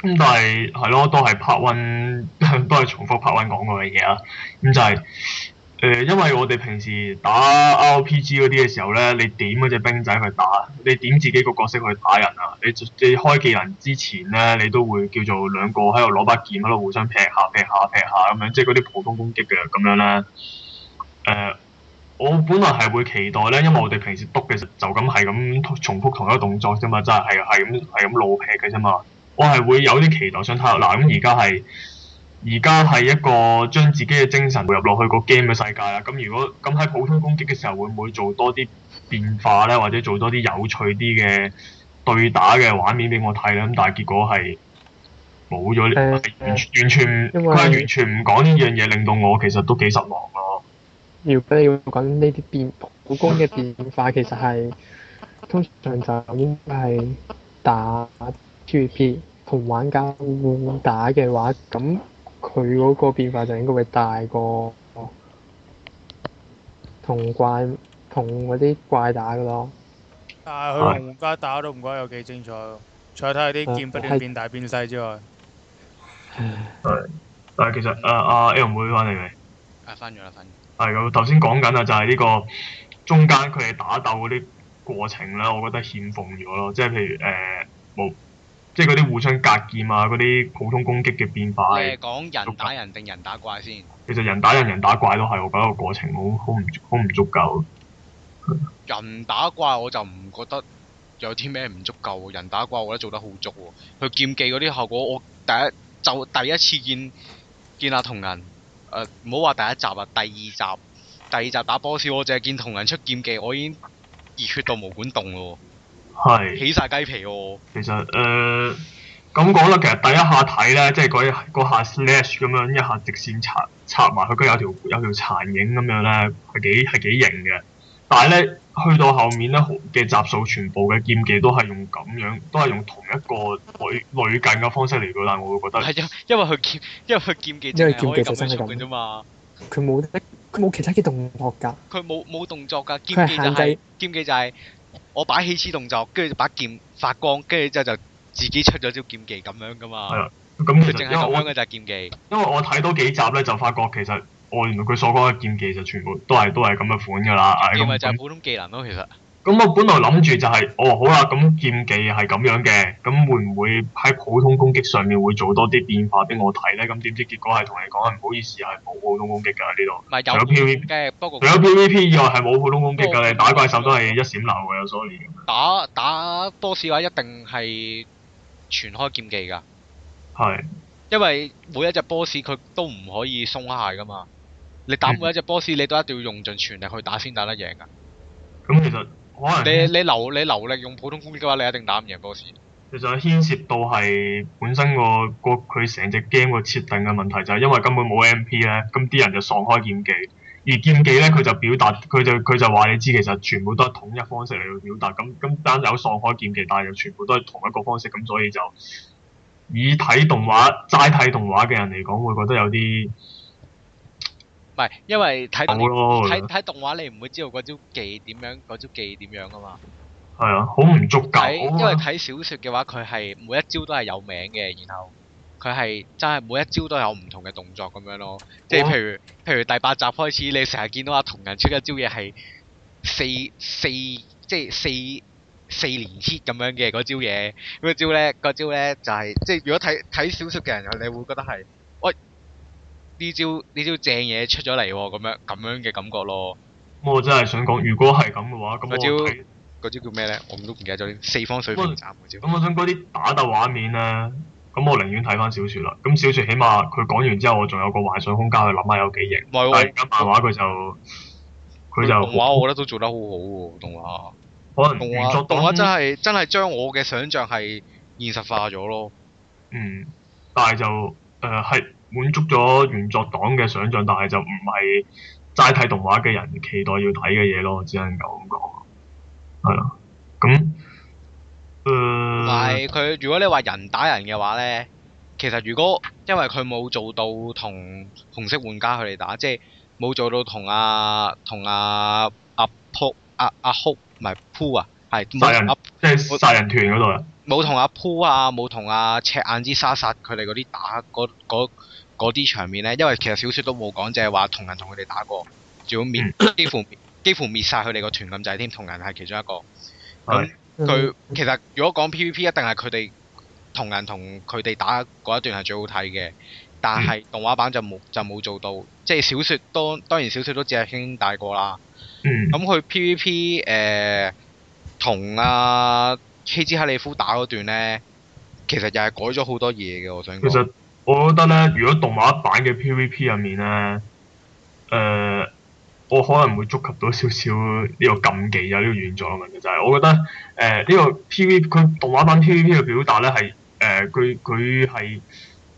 但係係咯，都係拍韻，都係重複拍韻講過嘅嘢啦。咁就係、是。誒、呃，因為我哋平時打 RPG 嗰啲嘅時候咧，你點嗰隻兵仔去打，你點自己個角色去打人啊？你你開技能之前咧，你都會叫做兩個喺度攞把劍喺度互相劈下劈下劈下咁樣，即係嗰啲普通攻擊嘅咁樣咧。誒，我本來係會期待咧，因為我哋平時督嘅時候就咁係咁重複同一個動作啫嘛，真係係係咁老劈嘅啫嘛。我係會有啲期待想睇咯。嗱、呃，咁而家係。而家係一個將自己嘅精神回入落去個 game 嘅世界啦。咁如果咁喺普通攻擊嘅時候，會唔會做多啲變化咧？或者做多啲有趣啲嘅對打嘅畫面俾我睇咧？咁但係結果係冇咗，完全為完全佢係完全唔講呢樣嘢，令到我其實都幾失望咯。如果要講呢啲變普通攻擊嘅變化，其實係 通常就係打 PVP 同玩家互打嘅話咁。佢嗰個變化就應該會大過同怪同嗰啲怪打嘅咯。但係佢同玩家打都唔覺得有幾精彩喎，除咗睇下啲劍不斷變大變細之外。係，但係其實啊啊 L 妹翻嚟未？係翻咗啦，翻咗。係咁，頭先講緊啊，Aaron，啊就係呢個中間佢哋打鬥嗰啲過程咧，我覺得欠奉咗咯，即係譬如誒冇。呃即係嗰啲互相隔劍啊，嗰啲普通攻擊嘅變化。你誒，講人打人定人打怪先？其實人打人、人打怪都係，我覺得個過程好好唔足、好唔足夠。人打怪我就唔覺得有啲咩唔足夠。人打怪我覺得做得好足喎，佢劍技嗰啲效果，我第一就第一次見見阿桐人，誒、呃，唔好話第一集啊，第二集第二集打 boss，我淨係見桐人出劍技，我已經熱血到毛管動咯。係是起晒雞皮哦！其實誒咁講咧，其實第一下睇咧，即係嗰下 slash 咁樣一,一下直線插插埋去，有條有條殘影咁樣咧，係幾係幾型嘅。但係咧去到後面咧嘅集數，全部嘅劍技都係用咁樣，都係用同一個類類近嘅方式嚟嘅。但我會覺得係因因為佢劍，因為佢劍技真係可以咁樣嘅啫嘛。佢冇佢冇其他嘅動，動作㗎。佢冇冇動作㗎。劍技就係、是、劍技就係、是。我擺起始動作，跟住把劍發光，跟住之後就自己出咗招劍技咁樣噶嘛。係啊，咁、嗯、其實真係咁嘅就係劍技。因為我睇到幾集咧，就發覺其實我原來佢所講嘅劍技就全部都係都係咁嘅款噶啦。係咪、嗯、就係普通技能咯？其實。咁我本嚟諗住就係、是，哦好啦，咁劍技係咁樣嘅，咁會唔會喺普通攻擊上面會做多啲變化俾我睇呢？咁點、嗯、知結果係同你講，唔好意思，係冇普通攻擊噶呢度。嗯、除咗 PVP，不除咗 PVP 以外係冇普通攻擊噶，嗯、你打怪獸都係一閃流嘅有所 r 打打 boss 嘅話一定係全開劍技噶。係是。因為每一隻 boss 佢都唔可以鬆懈噶嘛，你打每一隻 boss 你都一定要用盡全力去打先打得贏噶。咁 其實。你你流你流力用普通攻擊嘅話，你一定打唔贏 Boss。其實牽涉到係本身個個佢成隻 game 個設定嘅問題，就係因為根本冇 MP 咧，咁啲人就喪開劍技。而劍技咧，佢就表達，佢就佢就話你知，其實全部都係統一方式嚟去表達。咁咁單有喪開劍技，但係又全部都係同一個方式，咁所以就以睇動畫、齋睇動畫嘅人嚟講，會覺得有啲。唔係，因為睇睇睇動畫，你唔會知道嗰招技點樣，嗰招技點樣噶嘛。係啊，好唔足夠。因為睇小説嘅話，佢係每一招都係有名嘅，然後佢係真係每一招都有唔同嘅動作咁樣咯。 即係譬如譬如第八集開始，你成日見到阿同人出嘅一招嘢係四四即係四四連 hit 咁樣嘅嗰招嘢，嗰招咧嗰招咧就係、是，即係如果睇睇小説嘅人，你會覺得係。呢招呢招正嘢出咗嚟喎，咁樣咁樣嘅感覺咯。咁我真係想講，如果係咁嘅話，咁嗰招嗰招叫咩咧？我都唔記得咗。四方水平斬咁嗰招我想嗰啲打鬥畫面咧，咁我寧願睇翻小說啦。咁小說起碼佢講完之後，我仲有個幻想空間去諗下有幾型。唔係、啊，而家漫畫佢就佢、嗯、就動畫我覺得都做得好好喎。動畫可能動作動畫真係真係將我嘅想象係現實化咗咯。嗯，但係就誒係。呃滿足咗原作黨嘅想象，但係就唔係齋睇動畫嘅人期待要睇嘅嘢咯，只能夠咁講。係咯、啊，咁，唔係佢。如果你話人打人嘅話咧，其實如果因為佢冇做到同紅色玩家佢哋打，即係冇做到同阿同阿阿扑阿阿哭唔係扑啊，係冇、啊啊啊啊啊啊啊、人，即係殺人團嗰度啊，冇同阿扑啊，冇同阿赤眼之沙沙佢哋嗰啲打嗰。嗰啲場面呢，因為其實小説都冇講，就係話同人同佢哋打過，仲要滅 幾乎幾乎滅晒佢哋個團咁滯添，同人係其中一個。咁、嗯、佢 其實如果講 PVP，一定係佢哋同人同佢哋打嗰一段係最好睇嘅，但係動畫版就冇就冇做到，即係小説當當然小説都，都只係輕輕帶過啦。咁佢 PVP 誒同阿希茲克里夫打嗰段呢，其實又係改咗好多嘢嘅，我想講。 我覺得咧，如果動畫版嘅 PVP 入面咧，誒、呃，我可能會觸及到少少呢個禁忌啊，呢、這個原狀問題就係我覺得，誒、呃，呢、這個 PV 佢動畫版 PVP 嘅表達咧係，誒、呃，佢佢係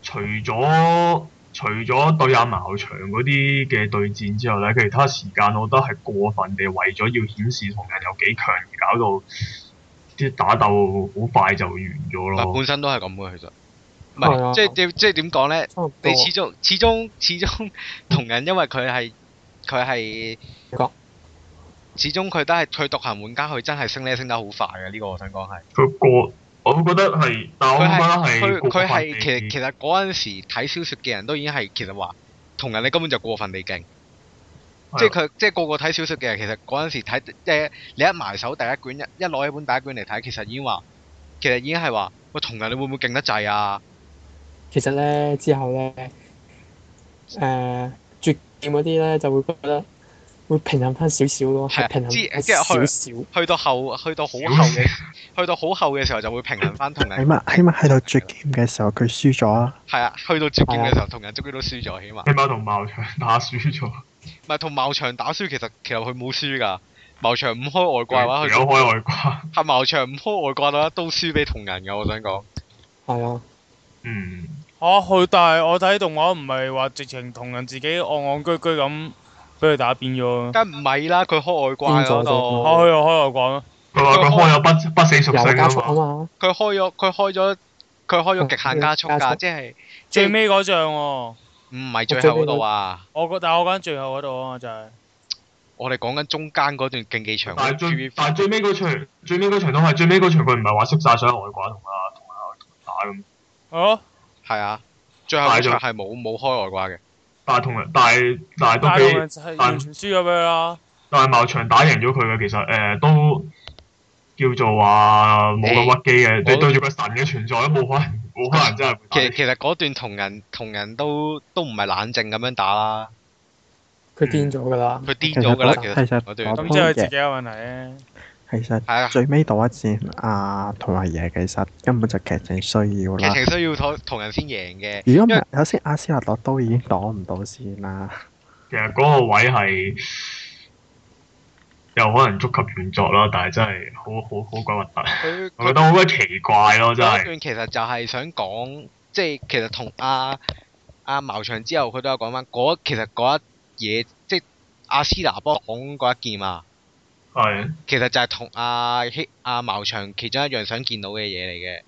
除咗除咗對阿矛長嗰啲嘅對戰之後咧，其他時間我覺得係過分地為咗要顯示同人有幾強而搞到啲打鬥好快就完咗咯。本身都係咁嘅，其實。唔係、啊，即係即係點講咧？你始終始終始終同人，因為佢係佢係，嗯、始終佢都係佢獨行玩家，佢真係升咧升得好快嘅。呢個我想講係。佢過，我覺得係，但係佢佢係其實其實嗰陣時睇小說嘅人都已經係其實話同人你根本就過分地勁、啊，即係佢即係個個睇小說嘅人，其實嗰陣時睇即係你一埋手第一卷一一攞一本第一卷嚟睇，其實已經話其實已經係話喂同人你會唔會勁得滯啊？其實咧之後咧，誒、呃、絕劍嗰啲咧就會覺得會平衡翻少少咯，係的平衡少少。去到後去到好後嘅，去到好後嘅時候就會平衡翻桐人。 起碼起碼去到絕劍嘅時候佢輸咗啊。係啊，去到絕劍嘅時候桐人終於都輸咗，起碼。起碼同茅場打輸咗。唔係同茅場打輸，其實其實佢冇輸噶。茅場唔開外掛嘅話，佢開外掛。係茅場唔開外掛啦，都輸俾桐人噶，我想講。哦、啊。嗯，吓佢，但係我睇動畫唔係話直情同人自己戇戇居居咁俾佢打變咗。梗唔係啦，佢開外掛喺度，開開外掛。佢話佢開咗不不死屬性。佢開咗，佢開咗，佢開咗極限加速噶，即係最尾嗰仗。喎，唔係最後嗰度啊！我覺，但我講最後嗰度啊，就係我哋講緊中間嗰段競技場。但係最尾嗰場，最尾嗰場都係最尾嗰場。佢唔係話熄晒所有外掛同阿同打咁。哦，係、oh? 啊，最後係冇冇開外掛嘅，但係同人大大都幾，但，但輸咗俾佢但大茂場打贏咗佢嘅，其實誒、呃、都叫做話冇咁屈機嘅，欸、你對住個神嘅存在都冇可能冇可能真係。其其實嗰段同人同人都都唔係冷靜咁樣打啦，佢癲咗㗎啦，佢癲咗㗎啦其實嗰段，咁即係佢自己嘅問題。其實係啊，最尾擋一箭，阿同埋嘢其實根本就劇情需要啦。劇情需要同人先贏嘅。如果唔係阿斯納落都已經擋唔到先啦。其實嗰個位係又可能捉急原作啦，但係真係好好好鬼核突。他我覺得好鬼奇怪咯，真係、就是啊啊啊那個。其實就係想講，即係其實同阿阿矛長之後，佢都有講翻嗰其實嗰一嘢，即係阿斯納幫擋嗰一件啊。係，是其實就係同阿、啊、希、阿茂祥其中一樣想見到嘅嘢嚟嘅。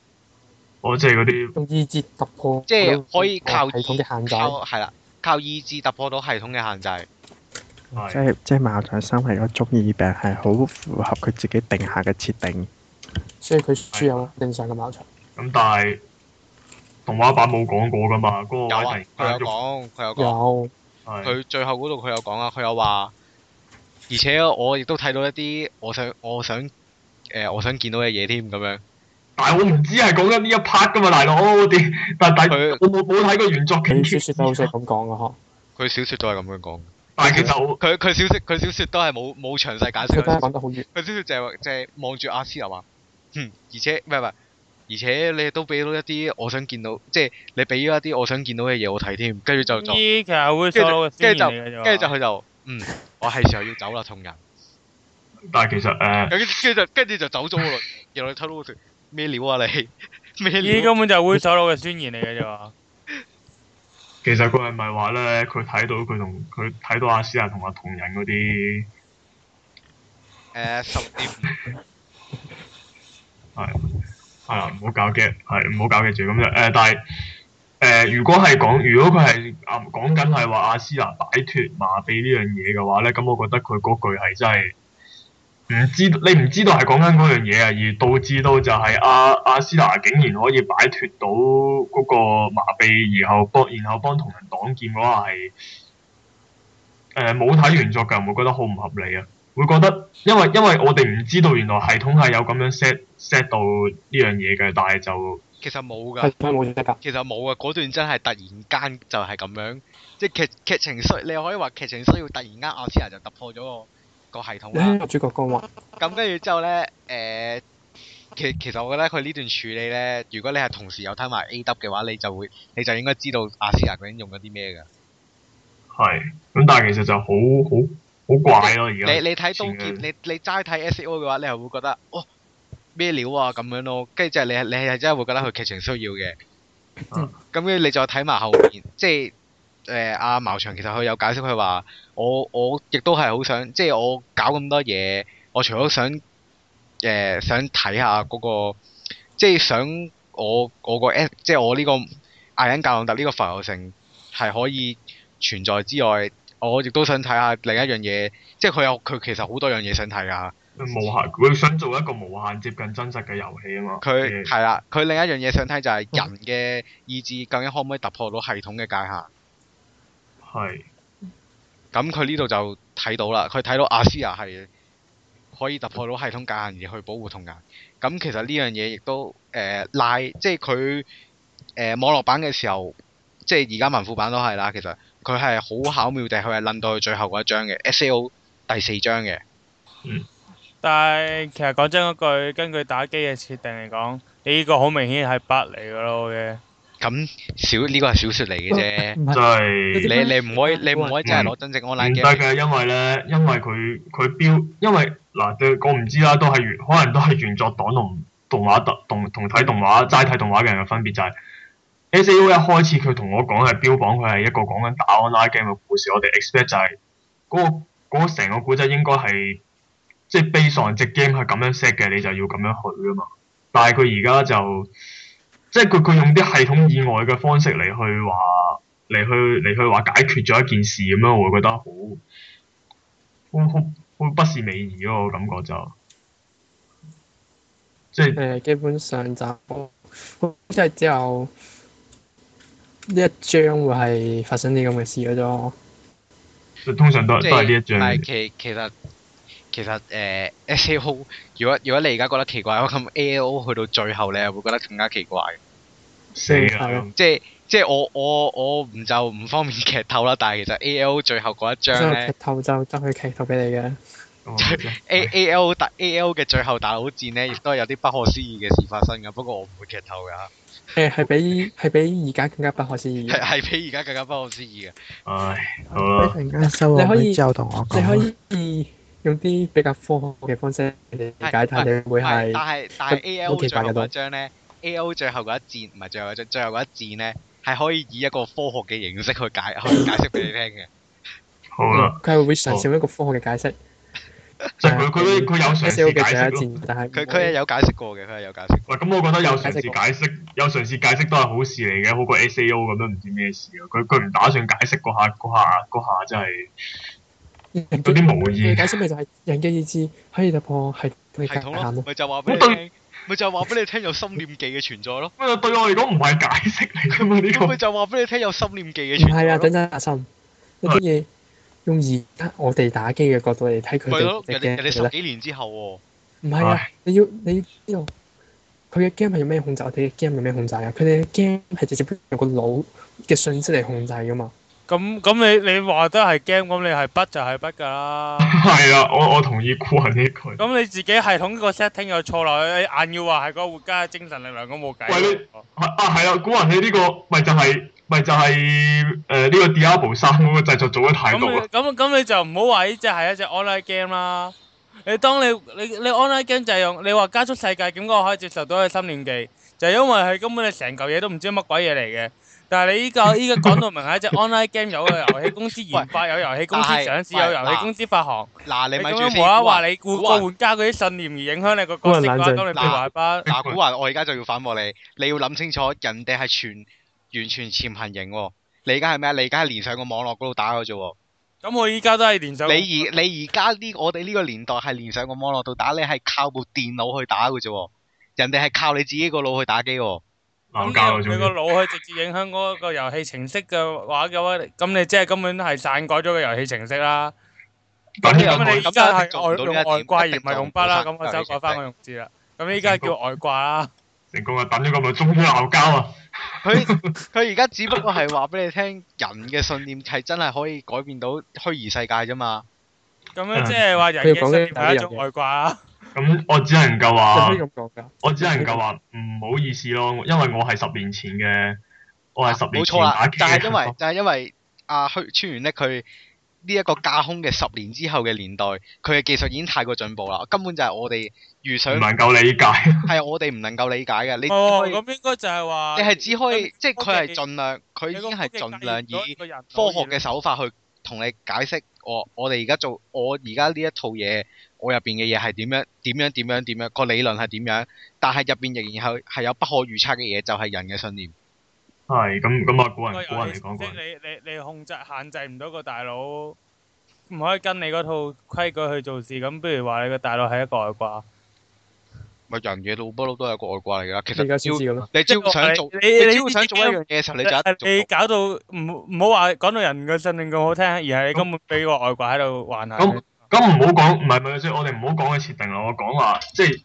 我即係嗰啲意志突破，即係可以靠系統嘅限制。係啦，靠意志突破到系統嘅限制。即係即係茂祥身為一個中二病，係好符合佢自己定下嘅設定。是所以佢輸有正常嘅茂祥。咁但係動畫版冇講過㗎嘛？嗰個有、啊、有講，佢有講，佢有最後嗰度佢有講啊，佢有話。是而且我亦都睇到一啲我想我想誒、呃、我想見到嘅嘢添咁樣。但係我唔知係講緊呢一 part 噶嘛，大佬，我點？但係佢我冇冇睇過原作嘅小，小說，小說係咁講噶，佢小說都係咁樣講。但係其實佢小說佢小說都係冇冇詳細解釋。佢小說就係話就係望住阿斯蘭。嗯，而且唔係唔係，而且你都俾到一啲我想見到，即係你俾咗一啲我想見到嘅嘢我睇添，跟住就就。跟住就跟住就佢就。嗯，我係時候要走啦，同人。但係其實誒、呃，跟住就走咗原來，又來偷攞條咩料啊你？咩料根本就係猥瑣佬嘅宣言嚟嘅啫嘛。其實佢係咪話咧？佢睇到佢同佢睇到阿詩亞同阿同人嗰啲誒，十點係係啊，唔好、 哎、搞驚，係唔好搞驚住咁就誒、呃，但係。誒、呃，如果係講，如果佢係阿講緊係話阿斯拿擺脱麻痹呢樣嘢嘅話咧，咁、嗯、我覺得佢嗰句係真係唔知，你唔知道係講緊嗰樣嘢啊，而導致到就係阿阿斯拿竟然可以擺脱到嗰個麻痹，然後幫然後幫同人擋劍嘅話係，冇睇原作嘅人會覺得好唔合理啊！會覺得因為因為我哋唔知道原來系統係有咁樣 set set 到呢樣嘢嘅，但係就。其實冇噶，的其實冇噶，嗰的段真係突然間就係咁樣，即係劇劇情需，你可以話劇情需要突然間阿斯娜就突破咗個個系統啦，主角光環。咁跟住之後呢，誒、呃，其其實我覺得佢呢段處理呢，如果你係同時有睇埋 A W 嘅話，你就會，你就應該知道阿斯娜究竟用咗啲咩噶。係，咁但係其實就好好好怪咯，而家你你睇刀劍，你劍面你齋睇 SAO 嘅話，你又會覺得，哦咩料啊？咁樣咯，跟住即係你，你係真係會覺得佢劇情需要嘅。嗯。咁樣你再睇埋後面，即係誒阿茅場其實佢有解釋，佢話我我亦都係好想，即係我搞咁多嘢，我除咗想誒、呃、想睇下嗰、那個，即係想我我個誒，即係我呢個艾因格朗特呢個浮游城係可以存在之外，我亦都想睇下另一樣嘢，即係佢有佢其實好多樣嘢想睇下。無限佢想做一個無限接近真實嘅遊戲啊嘛。佢係啦，佢 Yeah. 另一樣嘢想睇就係人嘅意志究竟可唔可以突破到系統嘅界限。係 Yeah.。咁佢呢度就睇到啦，佢睇到亞絲娜係可以突破到系統界限而去保護桐人。咁其實呢樣嘢亦都誒拉、呃，即係佢誒網絡版嘅時候，即係而家文庫版都係啦。其實佢係好巧妙地，佢係諗到去最後嗰一章嘅 SAO 第四章嘅。Mm. 但係，其實講真嗰句，根據打機嘅設定嚟講，呢、這、依個好明顯係白嚟嘅咯嘅。咁、okay? 小呢個係小說嚟嘅啫，就係 是。你你唔可以，你唔可，喂可以真係攞真正 online g 因為咧，因為佢佢標，因為嗱、啊，我唔知啦，都係原，可能都係原作黨同動畫特同睇動畫、齋睇動畫嘅人嘅分別就係、是。 a c o 一開始佢同我講係標榜佢係一個講緊打 o 拉 l 嘅故事，我哋 expect 就係嗰、那個成、那個古仔、那個、應該係。即係悲 a 直 e 上只 g a 係咁樣 set 嘅，你就要咁樣去啊嘛。但係佢而家就，即係佢佢用啲系統以外嘅方式嚟去話，嚟去嚟去話解決咗一件事咁樣，我會覺得好，好好好不是美儀咯，我感覺就，即係誒，基本上就即、是、係之後呢一張會係發生啲咁嘅事咯。即通常都即都係呢一張。但其其實。其實其實誒、呃、，S A O 如果如果你而家覺得奇怪，咁 A L O 去到最後你係會覺得更加奇怪、嗯即。即係即係我我我唔就唔方便劇透啦，但係其實 A L O 最後嗰一張咧劇透就就去劇透俾你嘅。就哦、A A L O A L 嘅最後大佬戰呢亦都係有啲不可思議嘅事發生噶。不過我唔會劇透噶。誒、欸，係比係比而家更加不可思議。係 比而家更加不可思議嘅。唉，好啦你可以之後同我講啊。二。用啲比較科學嘅方式嚟解答，睇你會係。但係但係 A O 最後嗰張咧，A O 最後嗰一戰唔係最後嗰張，最後嗰一戰咧係可以以一個科學嘅形式去解，去解釋俾你聽嘅。好啦。佢係會嘗試一個科學嘅解釋。即係佢佢有嘗試解釋咯，但係佢佢有解釋過嘅，佢係有解釋。喂，咁我覺得有嘗試解釋，有嘗試解釋都係好事嚟嘅，好過 S A O 咁樣唔知咩事啊！佢佢唔打算解釋嗰下嗰下嗰下真係。人啲無意解釋，咪就係人嘅意志可以突破係系統限制。咪、啊啊啊、就話俾你聽，咪 就話俾你聽有心念技嘅存在咯。咩 啊，啊？對我嚟講唔係解釋嚟嘅嘛？呢咁佢就話俾你聽有心念技嘅存在。唔係啊，等等阿深，有啲嘢用而家我哋打機嘅角度嚟睇佢哋嘅十幾年之後喎、哦。唔係啊，啊！你要你要知道，佢嘅 game 係用咩控制？我哋嘅 game 用咩控制啊？佢哋嘅 game 係直接用個腦嘅信息嚟控制噶嘛。.咁咁你你話都係 game 咁，你係不、嗯、就係不㗎啦。係啊，我我同意顧雲呢句。咁、嗯、你自己系統個 setting 有錯漏，你硬要話係個活家精神力量，我冇計喂你。啊係啊，顧雲你呢個咪就係、是、咪就係誒呢個 D3 咁嘅製作做得太多。咁咁你，你就唔好話呢只係一隻 online game 啦。你當你你你 online game 就係用你話加速世界，噉我可以接受到佢心念技，就係、是、因為佢根本你成嚿嘢都唔知乜鬼嘢嚟嘅。但係你依、依個依家、依個、講到明係一隻 online game，有個遊戲公司研發、有遊戲公司上市、有遊戲公司發行。嗱，你咪樣無啦話你個玩家嗰啲信念而影響你個角色嘅，你咪話班。嗱，古話我而家就要反駁你，你要諗清楚，人哋係全完全潛行型喎、哦。你而家係咩？你而家係連上個網絡嗰度打嘅啫喎。咁我依家都係連上你。你而你而家呢？我哋呢個年代係連上個網絡度打，你係靠部電腦去打嘅啫喎。人哋係靠你自己個腦去打機喎、哦。咁你你個腦去直接影響嗰個遊戲程式嘅話嘅話，咁你即係根本係篡改咗個遊戲程式啦。咁你依家係用外掛而唔係用筆啦，咁我就改返個用字啦。咁依家叫外掛啦。成功啊！等咗咁耐，終於鬧交啊！佢佢而家只不過係話俾你聽，人嘅信念係真係可以改變到虛擬世界啫嘛。咁樣即係話，人嘅信念係一種外掛啊！咁我只能夠話，我只能夠話唔好意思咯，因為我係十年前嘅，我係十年前冇錯啦，但係因為，就係因為阿虛穿越呢，佢呢一個架空嘅十年之後嘅年代，佢嘅技術已經太過進步啦，根本就係我哋預想唔能夠理解。係我哋唔能夠理解嘅，你咁應該就係話，你係只可以，即係佢係儘量，佢已經係儘量以科學嘅手法去同你解釋。我我哋而家做我而家呢一套嘢，我入邊嘅嘢係點樣？點樣點樣點樣？個理論係點樣？但係入邊仍然係有不可預測嘅嘢，就係、是、人嘅信念。係咁咁啊！古人古人嚟講即係。你你你控制限制唔到個大佬，唔可以跟你嗰套規矩去做事。咁不如話你個大佬係一個外掛。咪人嘢都不嬲，都係一個外掛嚟噶。其實你只要，你只要想做，我你你想做一樣嘢嘅時候，你就你搞到唔唔好話講到人嘅身份咁好聽，而係你根本俾個外掛喺度玩下。咁咁唔好講，唔係咪？係，即係、就是、我哋唔好講嘅設定啦。我講話即係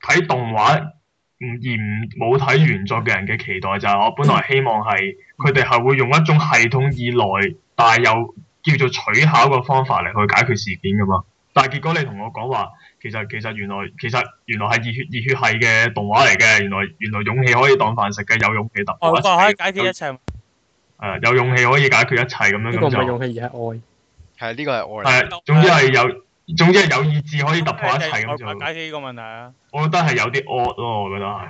睇動畫，唔而唔冇睇原作嘅人嘅期待就係我本來希望係佢哋係會用一種系統以內，但係又叫做取巧個方法嚟去解決事件噶嘛。但係結果你同我講話。其實其實原來其實原來係熱血熱血係嘅動畫嚟嘅。原來原來勇氣可以當飯食嘅，有勇氣突破一切。可以解決一切。誒，有勇氣可以解決一切咁樣咁就。呢個唔係勇氣而係愛，係呢個係愛係，總之係有總之係有意志可以突破一切咁就。嗯，我解決呢個問題啊。我覺得係有啲惡咯，我覺得係。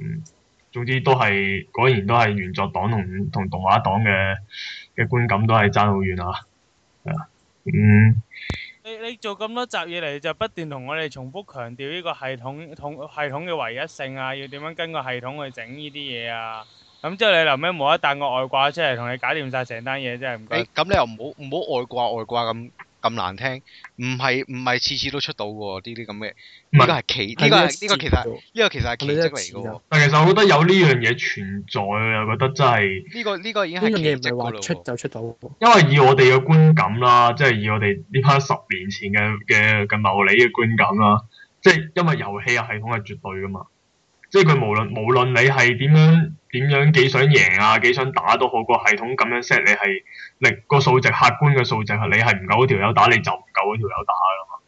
嗯，總之都係果然都係原作黨同同動畫黨嘅嘅觀感都係爭好遠啊。啊，嗯。嗯你做咁多集以嚟，就不斷同我哋重複強調呢個系統、統系統嘅唯一性啊，要點樣跟個系統去整呢啲嘢啊？咁、嗯、之後你臨尾冇得帶個外掛出嚟，同你搞掂晒成單嘢，真係唔該。咁你又唔好唔好外掛外掛咁。咁難聽，唔係唔係次次都出到喎，呢啲咁嘅，呢個係奇，呢個係呢個其實呢個其實係奇蹟嚟嘅喎。但係其實我覺得有呢樣嘢存在，我覺得真係呢個呢個已經係奇蹟，唔係話出就出到。因為以我哋嘅觀感啦，即係以我哋呢班十年前嘅嘅嘅謀利嘅觀感啦，即係因為遊戲嘅系統係絕對㗎嘛。即係佢無論無論你係點樣點樣幾想贏啊，幾想打都好，個系統咁樣 set 你係，令個數值客觀嘅數值係你係唔夠嗰條友打，你就唔夠嗰條友打㗎嘛。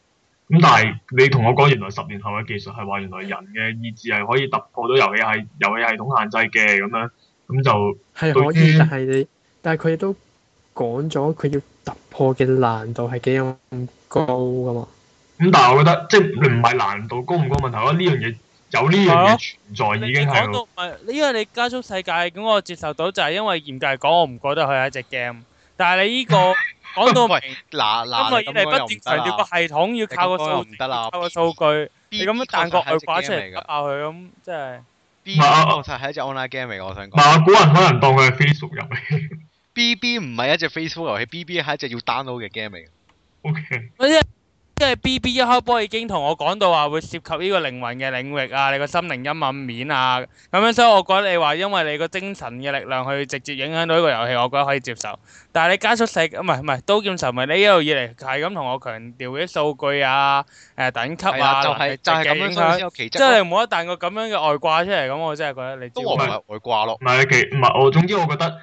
咁但係你同我講原來十年後嘅技術係話原來人嘅意志係可以突破到遊戲係遊戲系統限制嘅咁樣，咁就係可以，但係你但係佢都講咗佢要突破嘅難度係幾咁高㗎嘛。咁但係我覺得即係唔係難度高唔高問題啊，我覺得呢樣嘢。有呢樣嘢存在已經係。講到唔係，因為你加速世界咁，我接受到就係因為嚴格嚟講，我唔覺得佢係一隻 game。但係你呢個講到，因為嗱嗱，咁咪不斷強調個系統要靠個數，唔得喇，靠個數據，你咁樣彈過去，掛住打下去咁，即係。唔係啊！我睇係一隻 online game 嚟㗎，我想講。唔係啊！古人可能當佢係 Facebook 遊戲。B B 唔係一隻 Facebook 遊戲，B B 係一隻要 download 嘅 game 嚟。O K。即係 B B 一開波已經同我講到話會涉及呢個靈魂嘅領域啊，你個心靈陰暗面啊，咁樣，所以我覺得你話因為你個精神嘅力量去直接影響到呢個遊戲，我覺得可以接受。但係你加速世，唔係唔係刀劍神域，你一路以嚟係咁同我強調啲數據啊，係、呃、等級啊，啊就係咁樣、啊，即係你唔好一彈個咁樣嘅外掛出嚟咁，我真係覺得你都唔係外掛咯。唔係其唔係我，總之我覺得。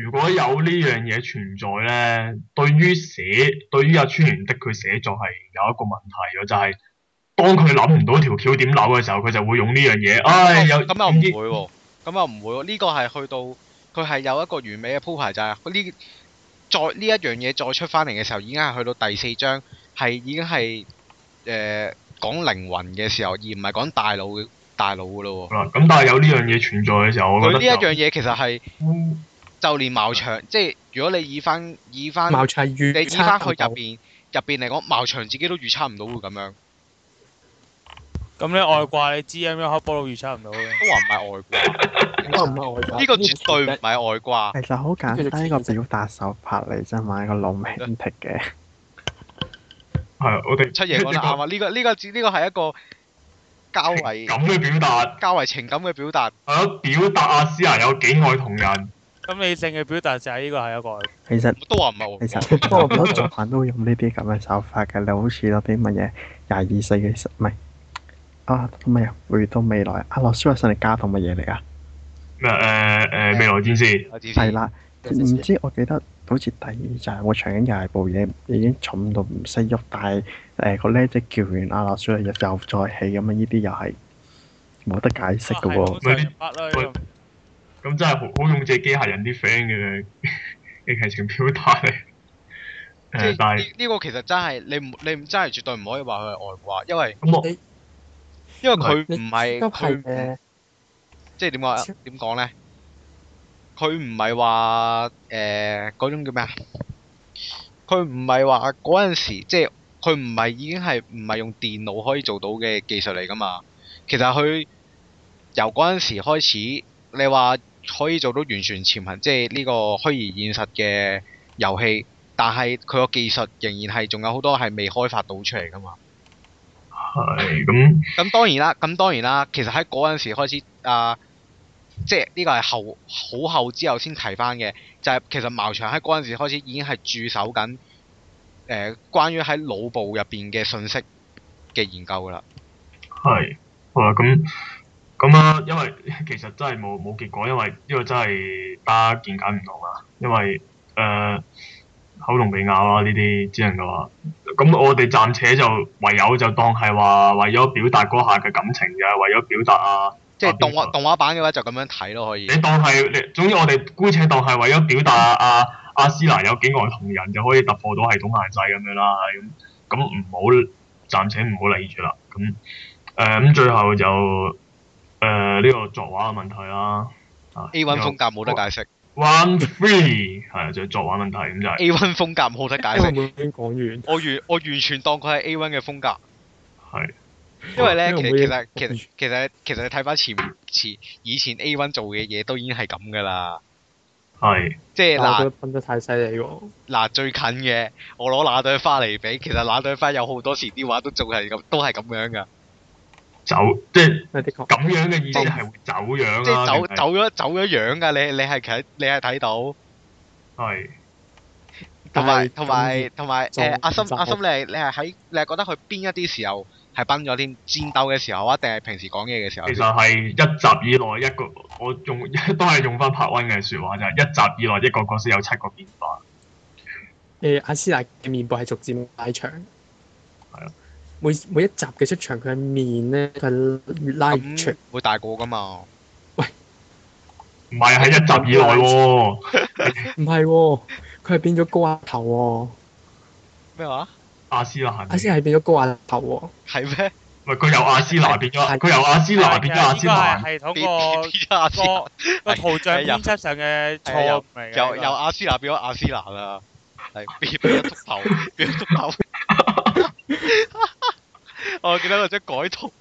如果有呢樣嘢存在呢，對於寫對於阿、啊、川原的佢寫作係有一個問題嘅，就係、是、當佢諗唔到條橋點扭嘅時候，佢就會用呢樣嘢。唉，咁又唔會喎，咁又唔會喎。呢個係去到佢係有一個完美嘅鋪排，就係呢再呢一樣嘢再出翻嚟嘅時候，已經係去到第四章，係已經係誒、呃、講靈魂嘅時候，而唔係講大腦嘅大腦嘅咯喎。咁但係有呢樣嘢存在嘅時候，我覺得呢一樣嘢其實係。嗯嗯嗯就連茅場，即係如果你以翻以翻，你以翻去入邊入邊嚟講，茅場自己都預測唔到會咁樣。咁你外掛，你 GM 一開波都預測唔到嘅。都話唔係外掛。都唔係外掛。呢個絕對唔係外掛。其實好簡單，一個表達手法嚟真嘛，一個浪漫嘅。係，我哋七爺講啱啊！呢個呢個呢個係一個較為咁嘅表達，較為情感嘅表達。係咯，表達阿斯亞有幾愛同人。咁理性嘅表達就係呢個係一個，其實都話唔係喎。其實不過我覺得作品都用呢啲咁嘅手法嘅，你好似攞啲乜嘢廿二世嘅，唔係啊，唔係啊，回到未來啊，阿羅素神力加到乜嘢嚟啊？咩誒誒未來戰士係啦，唔知我記得好似第二集我長頸又係部嘢已經重到唔識喐，但係誒個呢隻橋完阿羅素又又再起咁樣，呢啲又係冇得解釋嘅喎。咁真係好好用借機械人啲 friend 嘅嘅劇情表達咧。 呃、即係呢是個其實真係你唔你唔真係絕對唔可以話佢係外掛，因為你因為佢唔係佢即係點講點講呢？佢唔係話誒嗰種叫咩啊？佢唔係話嗰陣時，即係佢唔係已經係唔係用電腦可以做到嘅技術嚟噶嘛？其實佢由嗰陣時開始，你話。可以做到完全潛行，即係呢個虛擬現實嘅遊戲，但係佢個技術仍然係仲有好多係未開發到出嚟㗎嘛？係咁。咁當然啦，咁當然啦。其實喺嗰陣時開始，啊、呃，即係呢個係後好後之後先提翻嘅，就係、是、其實茅場喺嗰陣時開始已經係駐守緊，誒、呃，關於喺腦部入邊嘅信息嘅研究㗎啦。係，咁、啊。咁啊，因為其實真係冇冇結果，因為呢個真係大家見解唔同啊。因為誒、呃、口同鼻咬啦、啊，呢啲只能夠話。咁、嗯、我哋暫且就唯有就當係話為咗表達嗰下嘅感情，就係為咗表達啊。即係動畫動畫版嘅話，啊、話話就咁樣睇咯，可以。你當係你，總之我哋姑且當係為咗表達阿阿阿斯娜有幾個同人就可以突破到系統限制咁樣啦。咁咁唔好暫且唔好理住啦。咁誒咁最後就。誒，呢、呃呢個作畫嘅問題啦，A one 風格冇得解釋。Oh, one three 係就係作畫問題、就是，咁就係 A one 風格冇得解釋。我講完。我完，我完全當佢係 A one 嘅風格。係是。因為咧，其實其實其實其實其實你睇翻前前以前 A one 做嘅嘢都已經係咁噶啦。係是。即係是嗱，分得太犀利嗱，最近嘅我攞那朵花嚟比，其實那朵花有好多時啲畫都仲係咁，都係咁樣噶。走，即係咁樣嘅意思係會走樣、啊、即係走是走咗走咗樣噶，你你係睇你係睇到。係是。同埋同埋同埋誒，阿森，阿森，你係你係喺你係覺得佢邊一啲時候係崩咗啲戰鬥嘅時候啊？定係平時講嘢嘅時候？時時候其實係一集以內一個，我用都係用翻柏溫嘅說話就係、是、一集以內一個角色有七個變化。誒、嗯，阿斯娜嘅面部係逐漸拉長。每每一集嘅出場，佢嘅面咧，佢越拉唔出，會大個噶嘛？喂，唔係喺一集以內喎，唔係喎，佢係變咗高額頭喎。咩話？亞斯娜，亞先娜變咗高額頭喎，係咩？唔係佢由亞斯娜變咗，佢由亞斯娜變咗亞斯娜，係通過圖像編輯上嘅錯誤嚟由由亞斯娜變咗亞斯娜啦，係變變咗禿頭，變咗禿頭。我、 哦、記得嗰隻改圖，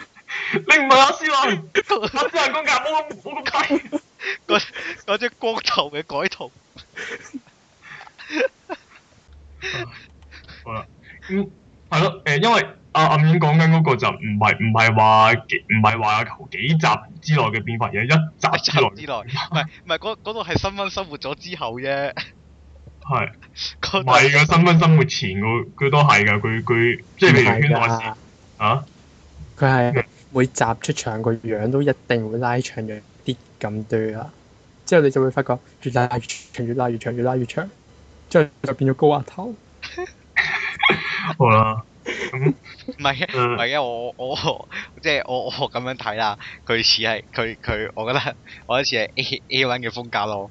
你唔係阿斯蘭，阿斯蘭公夾波冇咁雞，嗰嗰隻光頭嘅改圖。好啦，嗯，係咯，誒，因為阿、啊、暗影講緊嗰個就唔係唔係話幾唔係話求幾集之內嘅變化，而係一集之內之內，唔係唔係嗰嗰個係新婚生活咗之後啫。係，佢係噶新婚生活前佢佢都係噶，佢佢即係你友圈我啊！佢係、啊、每集出場個樣都一定會拉長咗啲咁對啦，之後你就會發覺越拉越長，越拉越長，越拉越長，越越長之後就變咗高額頭。 好啦，咁唔係唔係因為！我我即係我、就是、我咁樣睇啦，佢似係佢佢，我覺得我好似係 A A1 嘅風格咯。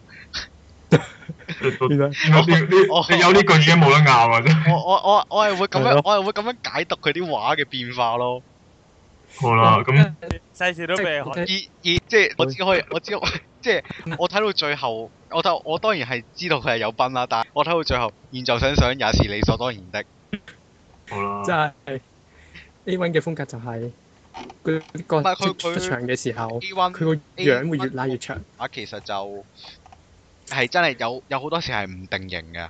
你有呢句已經冇得拗啊！ 我我我我係會咁樣，了我係會咁樣解讀佢啲畫嘅變化咯。好啦，咁 世事都俾你 即係我只可以我只即係 我睇到最後，我就我當然係知道佢係有崩啦，但係我睇到最後，現就想想也是理所當然的。好啦，即係 A one 嘅風格就係、是、佢、這個唔係佢佢長嘅時候，佢個 樣會越拉越長。啊，其實就，就就就係真係有有好多時係唔定型嘅，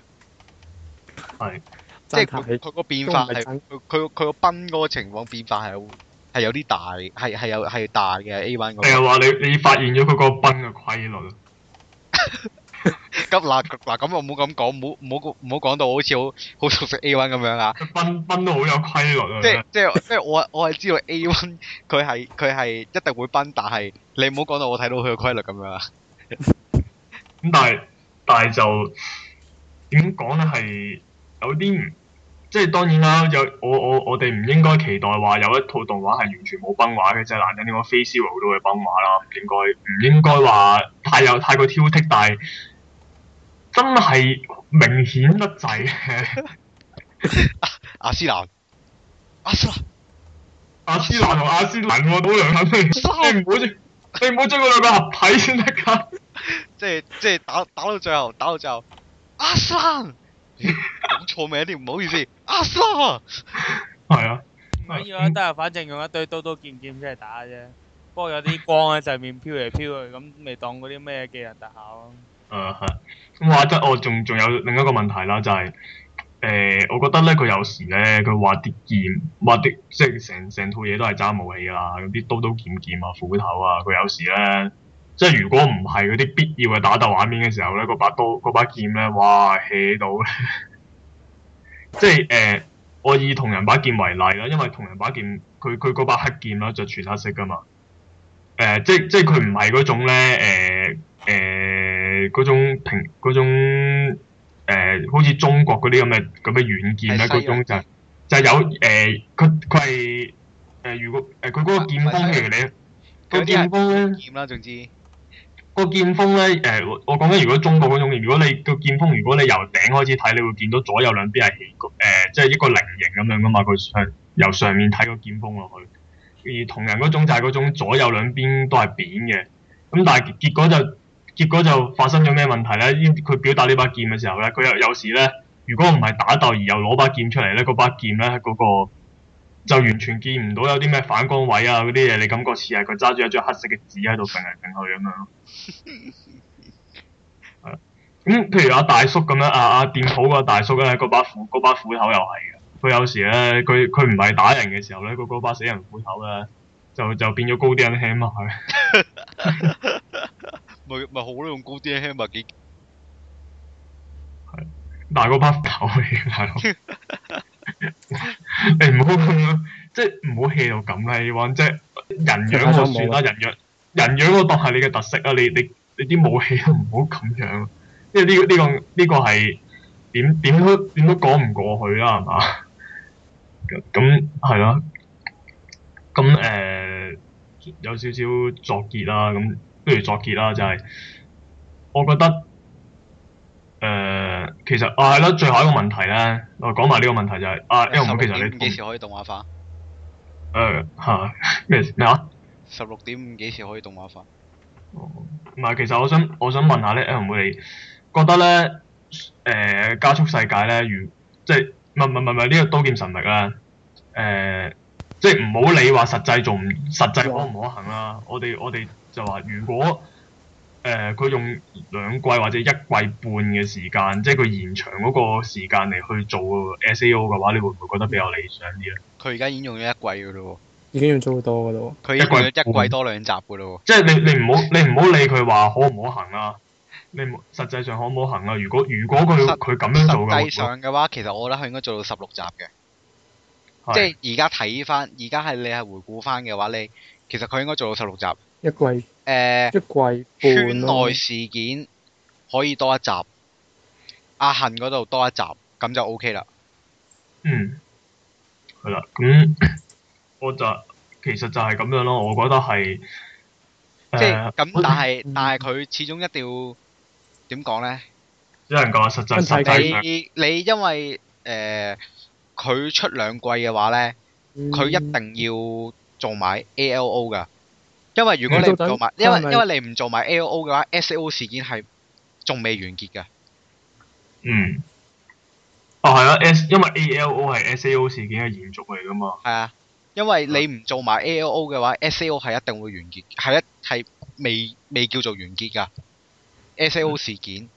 係是即係佢佢個變化係佢佢個崩嗰個情況變化係係有啲大係係有係大嘅 A one 定係話你你發現咗佢個崩嘅規律，急辣嗱咁我冇咁講，唔好唔好講到好似好好熟悉 A one 咁樣啊，佢崩崩都好有規律啊即， 即係即係即係我我係知道 A one 佢係佢係一定會崩，但係你唔好講到我睇到佢個規律咁樣啊。 咁但係但係就呢點講咧？係有啲即係當然啦。有我我我哋唔應該期待話有一套動畫係完全冇崩畫嘅啫。難聽啲講，飛絲維好多嘅崩畫啦。應該唔應該話太有太過挑剔，但係真係明顯得滯。阿、啊、阿斯蘭，阿、啊、斯蘭，啊、斯蘭同阿、啊、斯蘭，多兩下先。你唔好， 你唔好將佢兩個合體先得噶。 即係即係打打到最後打到最後，阿生講錯名添，唔好意思，阿生 啊，係啊，唔緊要啦，都係反正用一堆刀刀劍劍出嚟打啫，不過有啲光喺上面飄嚟飄去，咁未當嗰啲咩技能特效咯。咁、啊、話則我仲仲有，有另一個問題啦，就係、是、誒、呃，我覺得咧佢有時咧佢畫啲劍，畫啲即係成成套嘢都係揸武器啦，有啲刀刀劍劍啊斧頭啊，佢、啊、有時咧。即係如果唔係嗰啲必要嘅打鬥畫面嘅時候咧，嗰把刀嗰把劍咧，哇起到咧！ 即係誒、呃，我以同人把劍為例啦，因為同人把劍佢佢嗰把黑劍啦，就全黑色㗎嘛。誒、呃，即係即係佢唔係嗰種咧，誒誒嗰種平嗰種、呃、好似中國嗰啲咁嘅咁嘅軟劍咧，嗰種就是、就是、有誒，佢佢係誒如果誒佢嗰個劍鋒譬如你個劍鋒、啊、啦總之。總之個劍鋒咧，誒、呃，我講緊如果中國嗰種，如果你個劍鋒，如果你由頂開始睇，你會見到左右兩邊係誒，即、呃、係、就是、一個菱形咁樣噶嘛。佢上由上面睇個劍鋒落去，而同人嗰種就係嗰種左右兩邊都係扁嘅。咁、嗯、但係結果就結果就發生咗咩問題咧？因為佢表達呢把劍嘅時候咧，佢有有時咧，如果唔係打鬥而又攞把劍出嚟咧，嗰把劍咧嗰、那個。就完全見唔到有啲咩反光位啊，嗰啲嘢，你感覺似係佢揸住一張黑色嘅紙喺度掟嚟掟去咁樣。係、 嗯，咁譬如阿大叔咁樣，阿阿店鋪個大叔咧，嗰把斧嗰把斧頭又係嘅。佢有時咧，佢佢唔係打人嘅時候咧，嗰嗰把死人斧頭咧，就就變咗高啲人 handle 咪好用高啲人 handle 幾？但係嗰把斧頭 你唔好即係唔好氣到咁啦。你話即係人樣就算啦，人樣人樣我當係你嘅特色啊！你你你啲武器都唔好咁樣，因為呢、這個呢、這個呢、這個係點點都點都講唔過去啦，係嘛？咁係咯，咁誒、啊呃、有少少作結啦，咁不如作結啦就係、是、我覺得。誒、呃，其實啊係咯，最後一個問題咧，我講埋呢個問題就係、是、啊，L 16.5、啊、其實你時、呃、時幾時可以動畫化？誒吓咩咩話？十六點五幾時可以動畫化？唔係，其實我想我想問下咧，L 妹你覺得咧誒、呃、加速世界咧，如即係唔唔唔唔呢個刀劍神域啦。誒、呃，即係唔好理話實際做唔實際可唔可行啦、啊哦。我哋我哋就話如果。誒，佢、呃、用兩季或者一季半嘅時間，即係佢延長嗰個時間嚟去做 SAO 嘅話，你會唔會覺得比較理想啲啊？佢而家已經用咗一季嘅咯喎，已經用咗好多嘅咯。佢用咗一,一季多兩集嘅咯喎。即係你你唔好你唔好理佢話可唔可行啦。你，你，好好、啊、你實際上可唔可行啊？如果如果佢佢咁樣做嘅，實際上嘅話，話，其實我覺得佢應該做到十六集嘅。的即係而家睇翻，而家係你係回顧翻嘅話，你其實佢應該做到十六集。一季，誒、呃，一季半咯。圈內事件可以多一集，阿恆嗰度多一集，咁就 O K 啦。嗯，係啦，咁我就其實就係咁樣咯，我覺得係。呃、即係咁，但係、嗯、但係佢始終一定要點講咧？有人講實際實際、嗯、你你因為誒佢、呃、出兩季嘅話咧，佢、嗯、一定要做埋 A L O 噶。因為如果你唔做埋，因為因為你唔做埋 ALO 嘅話，SAO 事件係仲未完結嘅。嗯。哦，係啊，因為 ALO 係 SAO 事件嘅延續嚟噶嘛。係啊，因為你唔做埋 ALO 嘅話，SAO 係一定會完結，係一係未未叫做完結噶。SAO 事件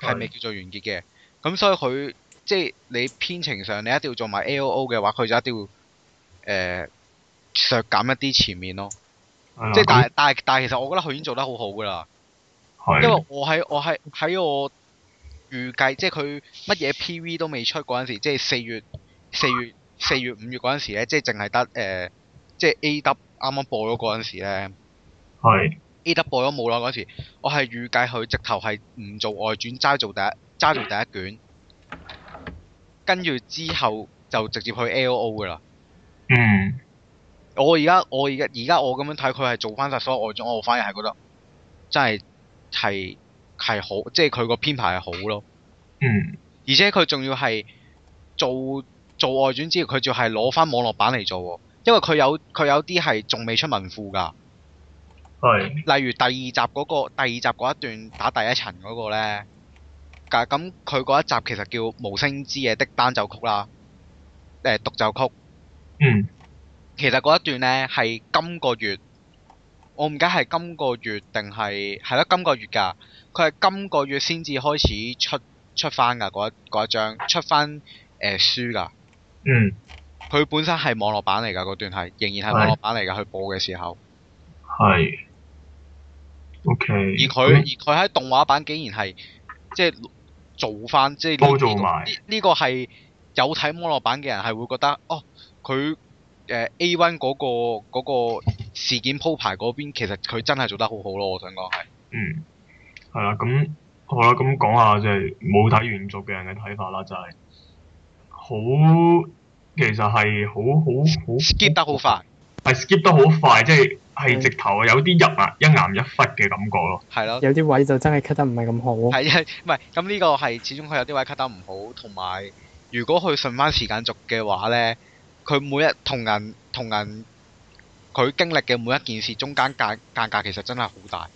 係未叫做完結嘅，咁的所以佢即係你編程上你一定要做埋 ALO 嘅話，佢就一定要、呃、削減一啲前面咯。即係但係但係但係，其實我覺得佢已經做得好好噶啦。係。因為我喺我喺喺我預計，即係佢乜嘢 PV 都未出嗰陣時，即係四月四月四月五月嗰陣時咧，即係淨係得誒，即係 AW 啱啱播咗嗰陣時咧。係。AW 播咗冇耐嗰時，我係預計佢直頭係唔做外傳，齋做第一齋做第一卷，跟住之後就直接去 LO 噶啦。嗯。我而家我而家而家我咁樣睇佢，係做翻晒所有外傳，我反而係覺得真係係係好，即係佢個編排係好咯。嗯。而且佢仲要係做做外傳之後，佢仲要係攞翻網絡版嚟做，因為佢有佢有啲係仲未出文庫噶。係。例如第二集嗰個，第二集嗰一段打第一層嗰個咧，咁咁佢嗰一集其實叫《無聲之夜》的單奏曲啦，誒獨奏曲。嗯。其實嗰一段呢，係今個月，我唔記得係今個月定係係咯今個月噶，佢係今個月先至開始出出翻噶，嗰一嗰一章出翻誒、呃、書噶。嗯。佢本身係網絡版嚟噶，嗰段係仍然係網絡版嚟噶。佢是播嘅時候。係。O、okay, K 它。哎、而佢而佢喺動畫版竟然係即係做翻，即係呢呢呢個係、這個這個、有睇網絡版嘅人係會覺得哦佢。哦誒、uh, A one 嗰、嗰個嗰個事件鋪排嗰邊，其實佢真係做得好好咯。我想、嗯、講係嗯係啦，咁好啦，咁講下即係冇睇原作嘅人嘅睇法啦，就係、係就係、好其實係好好好 skip 得好快，係 skip 得好快，即係係直頭有啲入啊一岩一忽嘅感覺咯。係咯的，有啲位就真係 cut 得唔係咁好。係啊，唔係咁呢個係始終佢有啲位 cut 得唔好，同埋如果佢順翻時間續嘅話咧。佢每日同人同人，佢經歷嘅每一件事中間間間隔其實真係好大，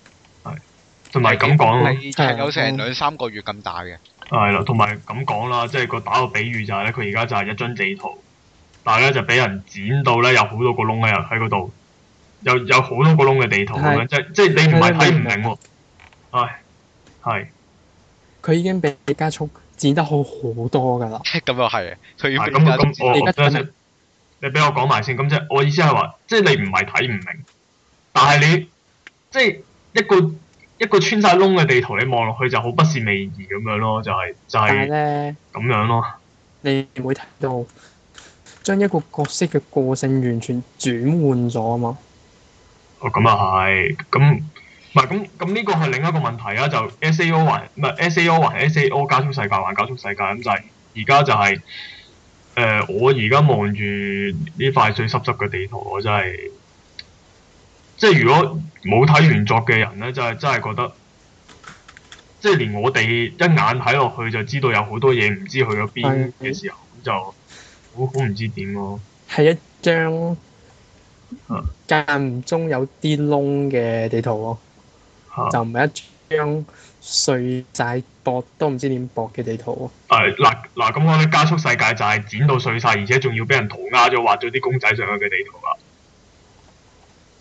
係同埋咁講，你係有成兩三個月咁大嘅，係啦，同埋咁講啦，即係個打個比喻就係、是、咧，佢而家就係一張地圖，但係咧就俾人剪到咧有好多個窿喺喺嗰度，有有好多個窿嘅地圖咁樣、啊啊，即即係你唔係睇唔明喎，唉、啊，係、哎，佢、啊、已經俾加速剪得好好多噶啦，咁又係，佢而家而家咁。你俾我講埋先，咁即係我意思係話，即係你唔係睇唔明，但係你即係一個一個穿晒窿嘅地圖，你望落去就好不是味兒咁樣咯，就係就係咧咁樣咯。你唔會睇到將一個角色嘅個性完全轉換咗啊嘛。哦，咁啊係，咁唔係咁咁呢個係另一個問題啊，就 S A O 還唔係 S A O 還 S A O 加速世界還加速世界咁就係而家就係、是。誒、呃，我而家望住呢塊最濕濕嘅地圖，我真係，即係如果冇睇原作嘅人咧，就係真係覺得，即係連我哋一眼睇落去就知道有好多嘢唔知去咗邊嘅時候，是就好好唔知點咯、啊。係一張間唔中有啲窿嘅地圖咯，啊、就唔係一張。碎仔駁都唔知點駁嘅地圖啊！誒、啊，嗱、啊、嗱，咁我哋加速世界就係剪到碎晒，而且仲要俾人塗鴉咗，畫咗啲公仔上去嘅地圖啦、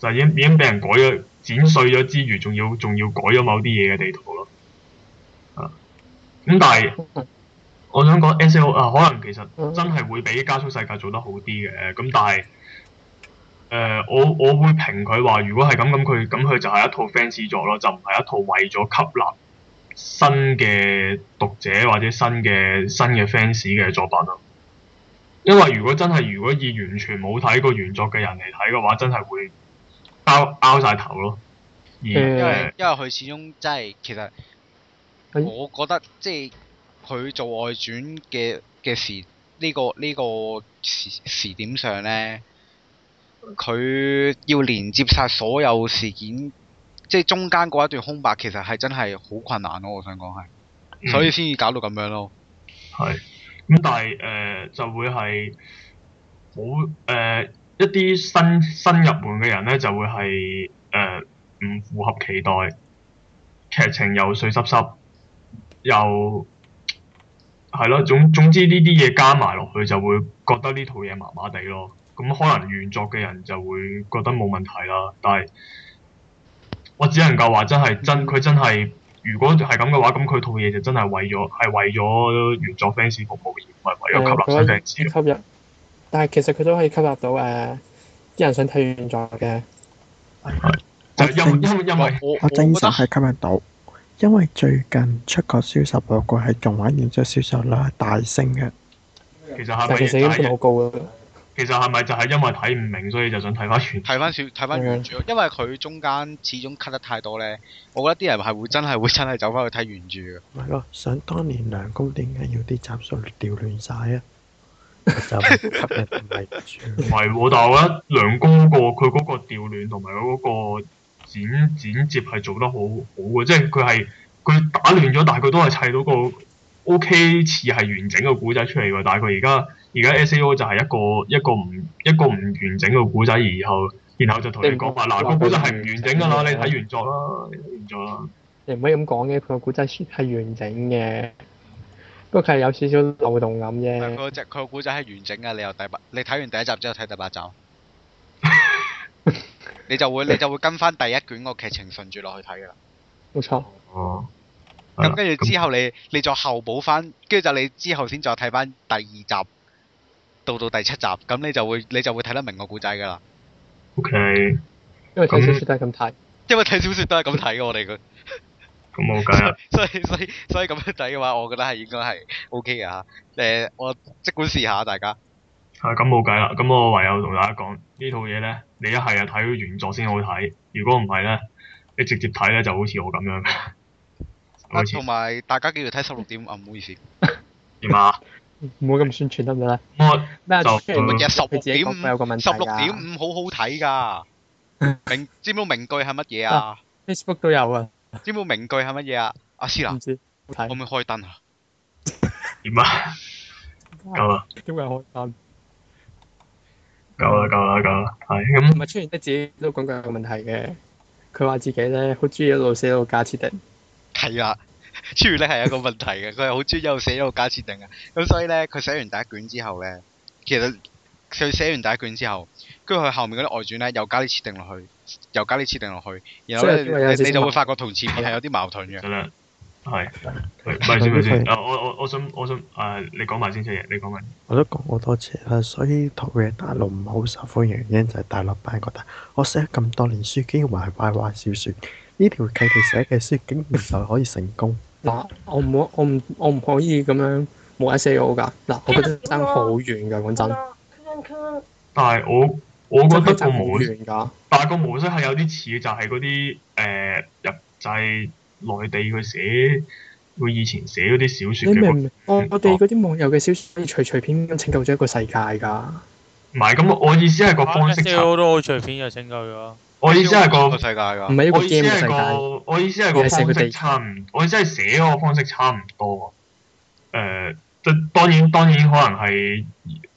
啊。就已經已經俾人改咗、剪碎咗之餘，仲要仲要改咗某啲嘢嘅地圖咯、啊。咁、啊、但係 我想講 SAO 啊，可能其實真係會比加速世界做得好啲嘅。咁但係誒、呃，我我會評佢話，如果係咁咁，佢咁佢就係一套 fans 作咯，就唔係一套為咗吸納。新嘅讀者或者新嘅新嘅 fans 嘅作品咯，因為如果真係如果以完全冇睇過原作嘅人嚟睇嘅話，真係會拗拗晒頭咯。而因為、呃、因為佢始終真係其實，是我覺得即係佢做外傳嘅嘅時呢、呢個呢、呢個時時,時點上咧，佢要連接晒所有事件。即係中間嗰一段空白，其實係真係好困難咯、啊。我想講係，所以先至搞到咁樣咯。係、嗯、咁、嗯、但係誒、呃、就會係好誒，一啲新新入門嘅人咧就會係誒唔符合期待，劇情又碎濕濕，又係咯，總總之呢啲嘢加埋落去就會覺得呢套嘢麻麻地咯。咁、嗯嗯、可能原作嘅人就會覺得冇問題啦，但係。.我只能夠話真係真，佢真係如果係咁嘅話，咁佢套嘢就真係為咗係為咗原作 fans 服務，而唔係為咗吸納新訂，吸引。但係其實佢都可以吸引到誒啲、呃、人想睇原作嘅。因因為我，我，我覺得係吸引到，因為最近出個銷售報告係仲話原作銷售量大升嘅，其實下 percent 好高。其實係咪就係因為睇唔明，所以就想睇翻原，睇翻全，睇翻原著，因為佢中間始終 cut 得太多咧，我覺得啲人係會，會真係會真係走翻去睇原著嘅。唔係咯，想當年梁公點解要啲集數調亂晒啊。唔係唔係，但係我覺得梁公個佢嗰個調亂同埋嗰個剪剪接係做得好好嘅，即係佢係佢打亂咗，但係佢都係砌到個 O K 似係完整嘅古仔出嚟嘅，但係佢而家。而家 SAO 就係一個一個唔一個唔完整嘅古仔，然後然後就同你講話嗱，個古仔係唔完整㗎啦，你睇完作啦，原作啦。你唔可以咁講嘅，佢個古仔係完整嘅。不過佢係有少少漏洞咁嘅。佢只佢個古仔係完整嘅，你又第八，你睇完第一集之後睇第八集，你就會你就會跟翻第一卷個劇情順住落去睇㗎啦。冇錯。咁跟住之後，你你再後補翻，跟住就你之後先再睇翻第二集。到到第七集，咁你就會你就會睇得明個故仔噶啦。O K。因為睇小說都係咁睇。 因為睇小說都係咁睇嘅。我哋佢。咁冇計啦。所以所以所以咁樣睇嘅話，我覺得係應該係 O K 嘅。誒，我即管試下大家。係咁冇計啦。咁我唯有同大家講呢套嘢咧，你一係啊睇完原作先好睇，如果唔係咧，你直接睇咧就好似我咁樣。同埋大家記住睇十六點啊，唔好意思。點啊 吧？ 唔好咁宣傳得唔得啊？咩啊？出現乜嘢？十六點五，十六點五好好睇㗎。名知唔知名句係乜嘢啊？Facebook 都有啊。知唔知名句係乜嘢啊？阿思南，可唔可以開燈啊？點啊？夠啦。點解開燈？夠啦夠啦夠啦。係咁。同埋出現得自己都講緊個問題嘅。佢話自己咧好中意一路寫一路加字定。係啊。主要咧係一個問題嘅，佢係好鍾意一路寫一路加設定嘅，咁所以咧佢寫完第一卷之後咧，其實佢寫完第一卷之後，跟住佢後面嗰啲外傳咧又加啲設定落去，又加啲設定落去，然後你，你就會發覺同前面係有啲矛盾嘅。咁、啊、我我我想我想誒、uh，你講埋先，七嘢，你講埋。我都講好多次啦，所以同嘅大陸唔好受歡迎，原因就係、是、大陸班覺得我寫咗咁多年書，竟然還係壞壞小説，呢條契弟寫嘅書竟然就可以成功。嗱，我唔可，我唔，我唔可以咁樣冇 S A O 噶。嗱，我覺得爭好遠噶，講真。但係我，我覺得個模式，但係個模式係有啲似，就係嗰啲誒入，就係內地佢寫，佢以前寫嗰啲小説。你明唔明？我哋嗰啲網友嘅小説，隨隨便咁拯救咗一個世界㗎。唔係，咁我意思係個方式差。S A O 都好隨便就拯救咗。我意思係個個世界㗎。我意思係個，我意思係個方式差唔。我意思係寫嗰個方式差唔多。誒、呃，當然當然可能係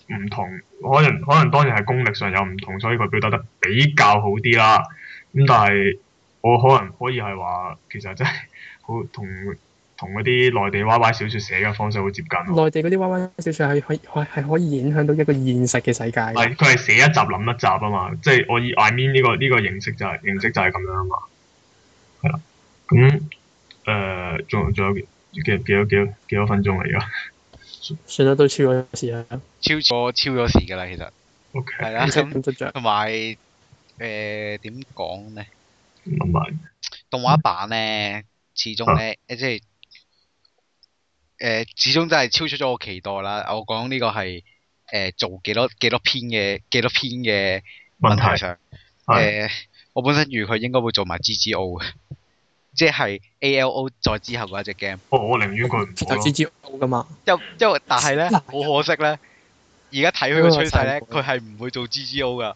唔同，可能可能當然係功力上有唔同，所以佢表達得比較好啲啦。咁但係我可能可以係話，其實真係好同。同嗰啲內地 Y Y 小説寫嘅方式好接近咯。內地嗰啲 Y Y 小説係係係可以影響到一個現實嘅世界。係，佢係寫一集諗一集啊嘛，即係我以 I mean 呢個呢個形式就係形式就係咁樣啊嘛。係啦，咁誒，仲仲有幾幾多幾多幾多分鐘啊？而家算啦，都超咗時啦。超咗超咗時㗎啦，其實。O K。係啦，咁執著同埋誒點講咧？動畫版咧，始終咧即係。誒，始終真係超出咗我期待啦。我講呢個係誒、呃、做幾多幾多篇嘅幾多篇嘅問題上，誒，我本身預佢應該會做埋 G G O 嘅，即係 A L O 再之後嗰一隻 game，哦。我寧願佢唔做 G G O 噶嘛。因因為但係咧，好可惜咧，而家睇佢個趨勢咧，佢係唔會做 G G O 噶。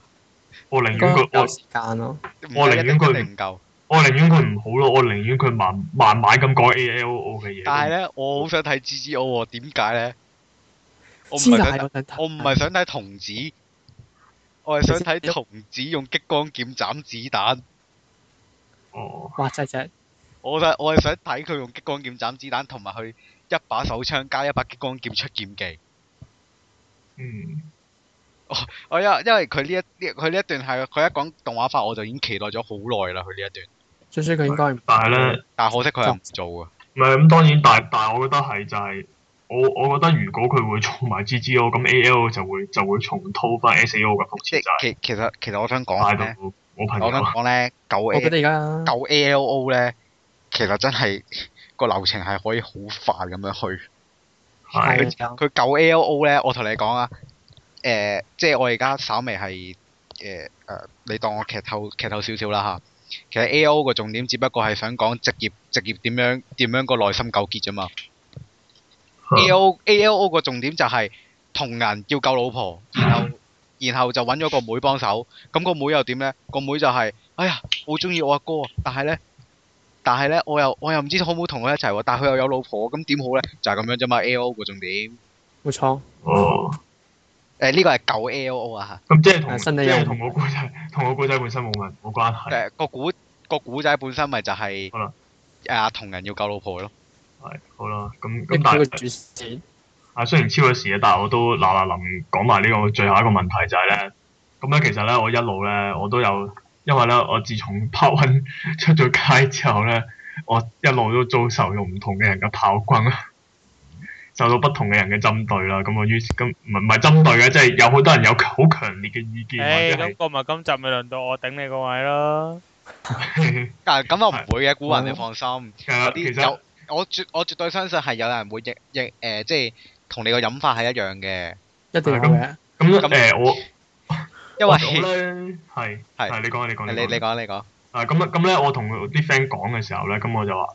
我寧願佢夠時間咯。我寧願佢唔夠。我寧願佢唔好咯，我寧願佢慢慢慢咁講 A L O 嘅嘢。但係咧，我好想睇 GGO，點解咧？我唔係想睇，我唔係想睇童子，我係想睇童子用激光劍斬子彈。哦，哇塞塞！真係，我係我係想睇佢用激光劍斬子彈，同埋佢一把手槍加一把激光劍出劍技。嗯。哦，我因因為佢呢一呢佢呢一段係佢一講動畫法我就已經期待咗好耐啦。佢呢一段。最需要應該，但係咧，但係可惜佢又唔做啊。唔係咁，當然，但但係我覺得係就係、是，我我覺得如果佢會做埋 G G O，咁 A L O 就會就會重套翻 S A O 嘅目前，其其實其實我想講咧，我朋友，我想講咧，舊 A L O 咧，其實真係個流程係可以好快咁樣去。係佢九 A L O 咧，我同你講啊，誒、呃，即係我而家稍微係誒誒，你當我劇透劇透少少啦吓。其實 A O 個重點只不過係想講職業職業點樣點樣個內心糾結啫嘛。啊、A O A L O 個重點就係、是、同人要救老婆，然後然後就揾咗個妹幫手。咁、那個妹又點呢？個妹就係、是、哎呀好中意我阿哥，但係呢，但係呢，我又我又唔知好唔好同佢一齊。但係佢又有老婆，咁點好呢？就係、是、咁樣啫嘛。A O 個重點，冇錯。哦。誒，呢個係舊 l o o 啊，咁、啊、即係同即同個古仔，同個古仔本身冇問冇關係。誒、啊，個古個古仔本身咪就係、是，好啦了，誒、啊，同人要救老婆咯。係，好啦，咁、嗯、咁、嗯、但係，啊、嗯，雖然超咗時啊，嗯、但係我都嗱嗱臨講埋呢個最後一個問題就係、是、咧，咁咧其實咧我一路咧我都有，因為咧我自從炮棍出咗街之後咧，我一路都遭受用唔同嘅人嘅炮轟，受到不同嘅人嘅針對啦，咁我於是咁唔唔係針對嘅，即係有好多人有好強烈嘅意見。誒，咁個咪今集咪輪到我頂你個位咯。但係咁我唔會嘅，古雲你放心。有啲有，我絕我絕對相信係有人會亦亦誒，即係同你個諗法係一樣嘅。一定嘅咩？咁誒我，因為係係你講你講，你你講你講。啊咁啊咁咧，我同啲 friend 講嘅時候咧，咁我就話，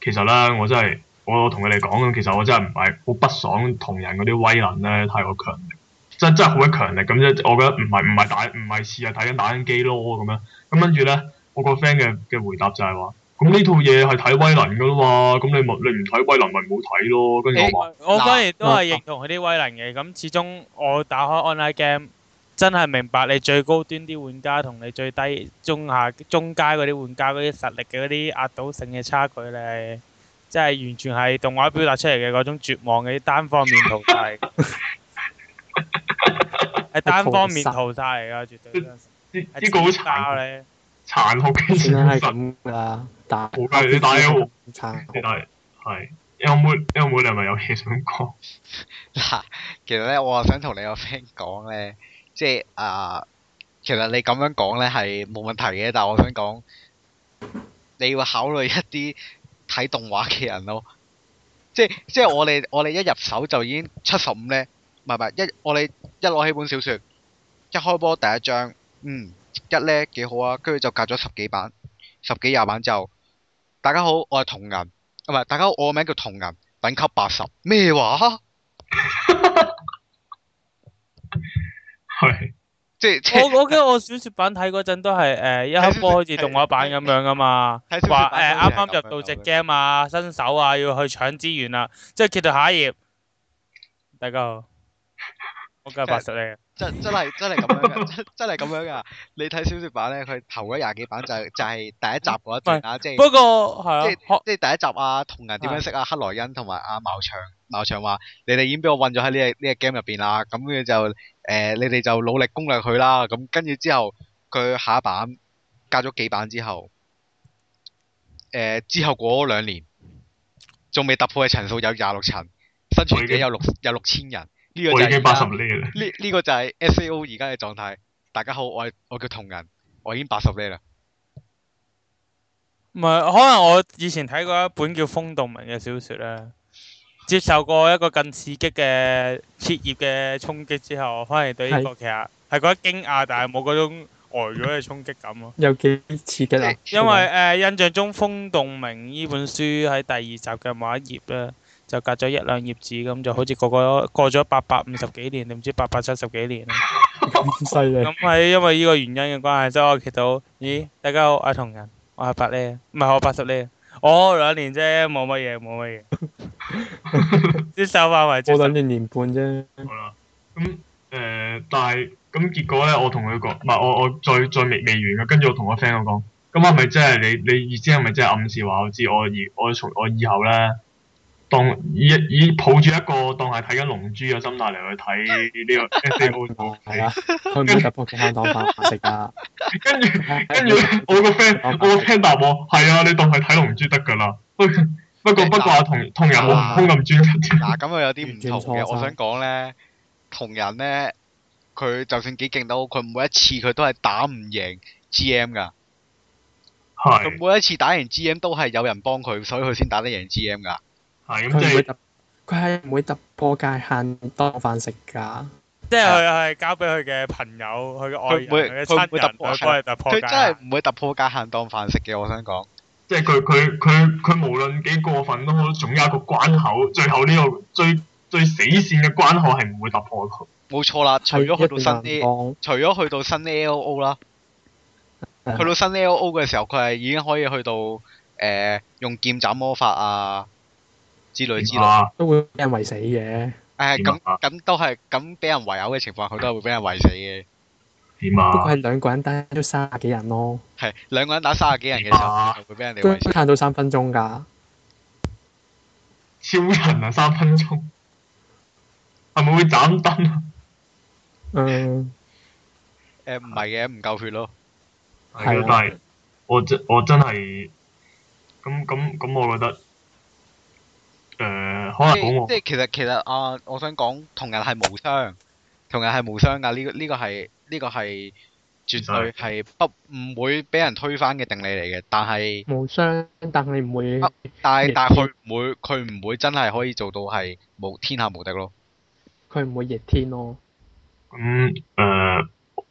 其實咧我真係。我同佢哋講，其實我真係唔係好不爽，同人嗰啲威能咧，太過強力，真真係好鬼強力。咁咧，我覺得唔係唔係打唔係試下睇緊打緊機咯咁樣。咁跟住咧，我個 friend 嘅嘅回答就係、是、話，咁呢套嘢係睇威能噶啦嘛，咁你你唔睇威能咪唔好睇咯。跟住我反而、欸、都係認同佢啲威能嘅。咁我始終我打開 online game，真係明白你最高端啲玩家同你最低中下中階嗰啲玩家嗰啲實力嘅嗰啲壓倒性嘅差距咧。即係完全係動畫表達出嚟嘅嗰種絕望嘅啲單方面淘汰，係單方面淘汰嚟嘅，絕對。呢呢這個好慘咧！1 numéro 1殘酷嘅現實。真係咁噶。好勁！你打一號。殘酷。係。你阿妹，你阿妹，你係咪有嘢想講？嗱，其實咧，我啊想同你個 friend 講咧，即係啊，其實你咁樣講咧係冇問題嘅，但係我想講，你要考慮一啲。睇動畫嘅人咯，即係即係我哋我哋一入手就已經七十五咧，唔係唔係一我哋一攞起本小説，一開波第一章，嗯一咧幾好啊，跟住就隔咗十幾版十幾廿版就。大家好，我係童人，唔係大家好，我個名叫童人，等級八十，咩話？係。 即係我我記得我小說版睇嗰陣都係誒、呃、一開波好似動畫版咁樣噶嘛，話誒，啱啱入到隻 game 啊，新手啊要去搶資源啊，即係揭到下一頁。大家好，我嘅八十零。真 真係真係咁樣，真係咁樣噶。你睇小說版咧，佢頭嗰廿幾版就是、就係、是、第一集嗰一段啦，即係對、就是、不過係啊，即係第一集啊，同人點樣識啊？克萊的恩同埋阿茅場，茅場話，你哋已經俾我困咗喺呢隻呢隻 game 入邊啦，咁跟住就。誒、呃，你哋就努力攻略佢啦，咁跟住之後佢下一版隔咗幾版之後，誒、呃、之後嗰兩年仲未突破嘅層數有廿六層，生存者有六有六千人呢、呢個就已經八十 level 啦。呢呢個就係 S A O 而家嘅狀態。大家好，我我叫桐人，我已經八十 level 啦。唔係，可能我以前睇過一本叫《風動文》嘅小說啦。接受過一個更刺激嘅設業嘅衝擊之後，我反而對呢個其實係覺得驚訝，但係冇嗰種呆咗嘅衝擊感咯。有幾刺激啊！因為誒、呃、印象中《風動明》呢本書喺第二集嘅某一頁咧，就隔咗一兩頁紙咁，就好似個個過咗八百五十幾年定唔知八百七十幾年啦。咁犀利！咁係因為呢個原因嘅關係，所以我睇到咦，大家好，我係唐人，我係百呢，唔係我八十呢。哦，兩年啫，冇乜嘢，冇乜嘢。啲手環係我等咗年半啫 咁誒、呃，但係咁結果咧，我同佢講，唔係我我再再未未完嘅，跟住我同我 friend 我講，咁係咪即係你你意思係咪即係暗示話我知我以我從我以後咧？當以以抱住一個當係睇緊龍珠嘅心態嚟去睇呢個 S4 波， 係啊，佢唔會突破跟住，跟住我個 friend 我個 partner，係 啊，你當係睇龍珠得噶啦。 不過打他 不過同同人好唔通咁專一。嗱咁啊，有啲唔同嘅，我想講咧，同人咧，佢就算幾勁到，佢每一次佢都係打唔贏 GM 噶。係是。每一次打完 GM 都係有人幫佢，所以佢先打得贏 GM 噶。係佢唔係唔會突破界限當飯食噶。即係佢係交俾佢嘅朋友，佢嘅愛人，佢嘅親人。佢真係唔會突破界限當飯食嘅，我想講。即係佢佢佢佢無論幾過分都，好，總有一個關口，最後呢，這個最最死線嘅關口係唔會突破嘅。冇錯啦，除咗去到新地方，除咗去到新 L.O. 啦。 去到新 L.O. 嘅時候，佢係已經可以去到誒，呃、用劍斬魔法啊。之類之類都會俾人圍死嘅，誒咁咁都係咁俾人圍毆嘅情況，佢都係會俾人圍死嘅。點啊？不過係兩個人打都三十幾人咯。係兩個人打三十幾人嘅時候，會俾人嚟圍。撐到三分鐘噶，超人啊！三分鐘，係咪會斬燈啊？嗯，誒唔係嘅，唔夠血咯。係咯，但係我真我真係，咁咁咁，我覺得。誒，即即係其實其實啊，我想講同人係無雙，同人係無雙噶呢個呢、這個係呢、這個係絕對係不唔會俾人推翻嘅定理嚟嘅，但係無雙，但係唔會、啊、會，但係但係佢唔會，佢唔會真係可以做到係無天下無敵咯，佢唔會逆天咯。咁誒、嗯呃，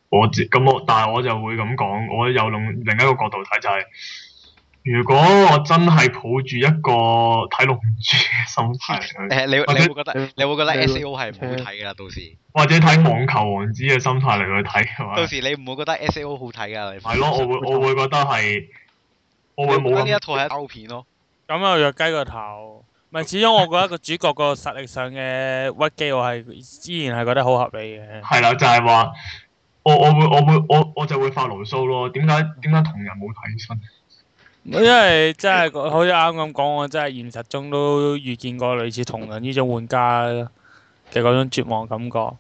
我咁我但係我就會咁講，我有另另一個角度睇就係、是。如果我真係抱住一個睇龍珠嘅心態， 你者你會覺得 你會覺得 S A O 係唔好睇噶，到時 或者睇網球王子嘅心態嚟，去睇，到時 你唔會覺得 S A O 好睇噶？咪係咯，我會我會覺得係，我會冇咁。呢一套係歐片咯，咁又弱雞個頭，咪始終我覺得個主角個實力上嘅屈機，我係依然係覺得好合理嘅。係啦，就係話我我會我會我我就會發牢騷咯。點解點解同人冇提升？因為真係好似啱啱咁講，我真係現實中都遇見過類似同人呢種玩家嘅嗰種絕望感覺。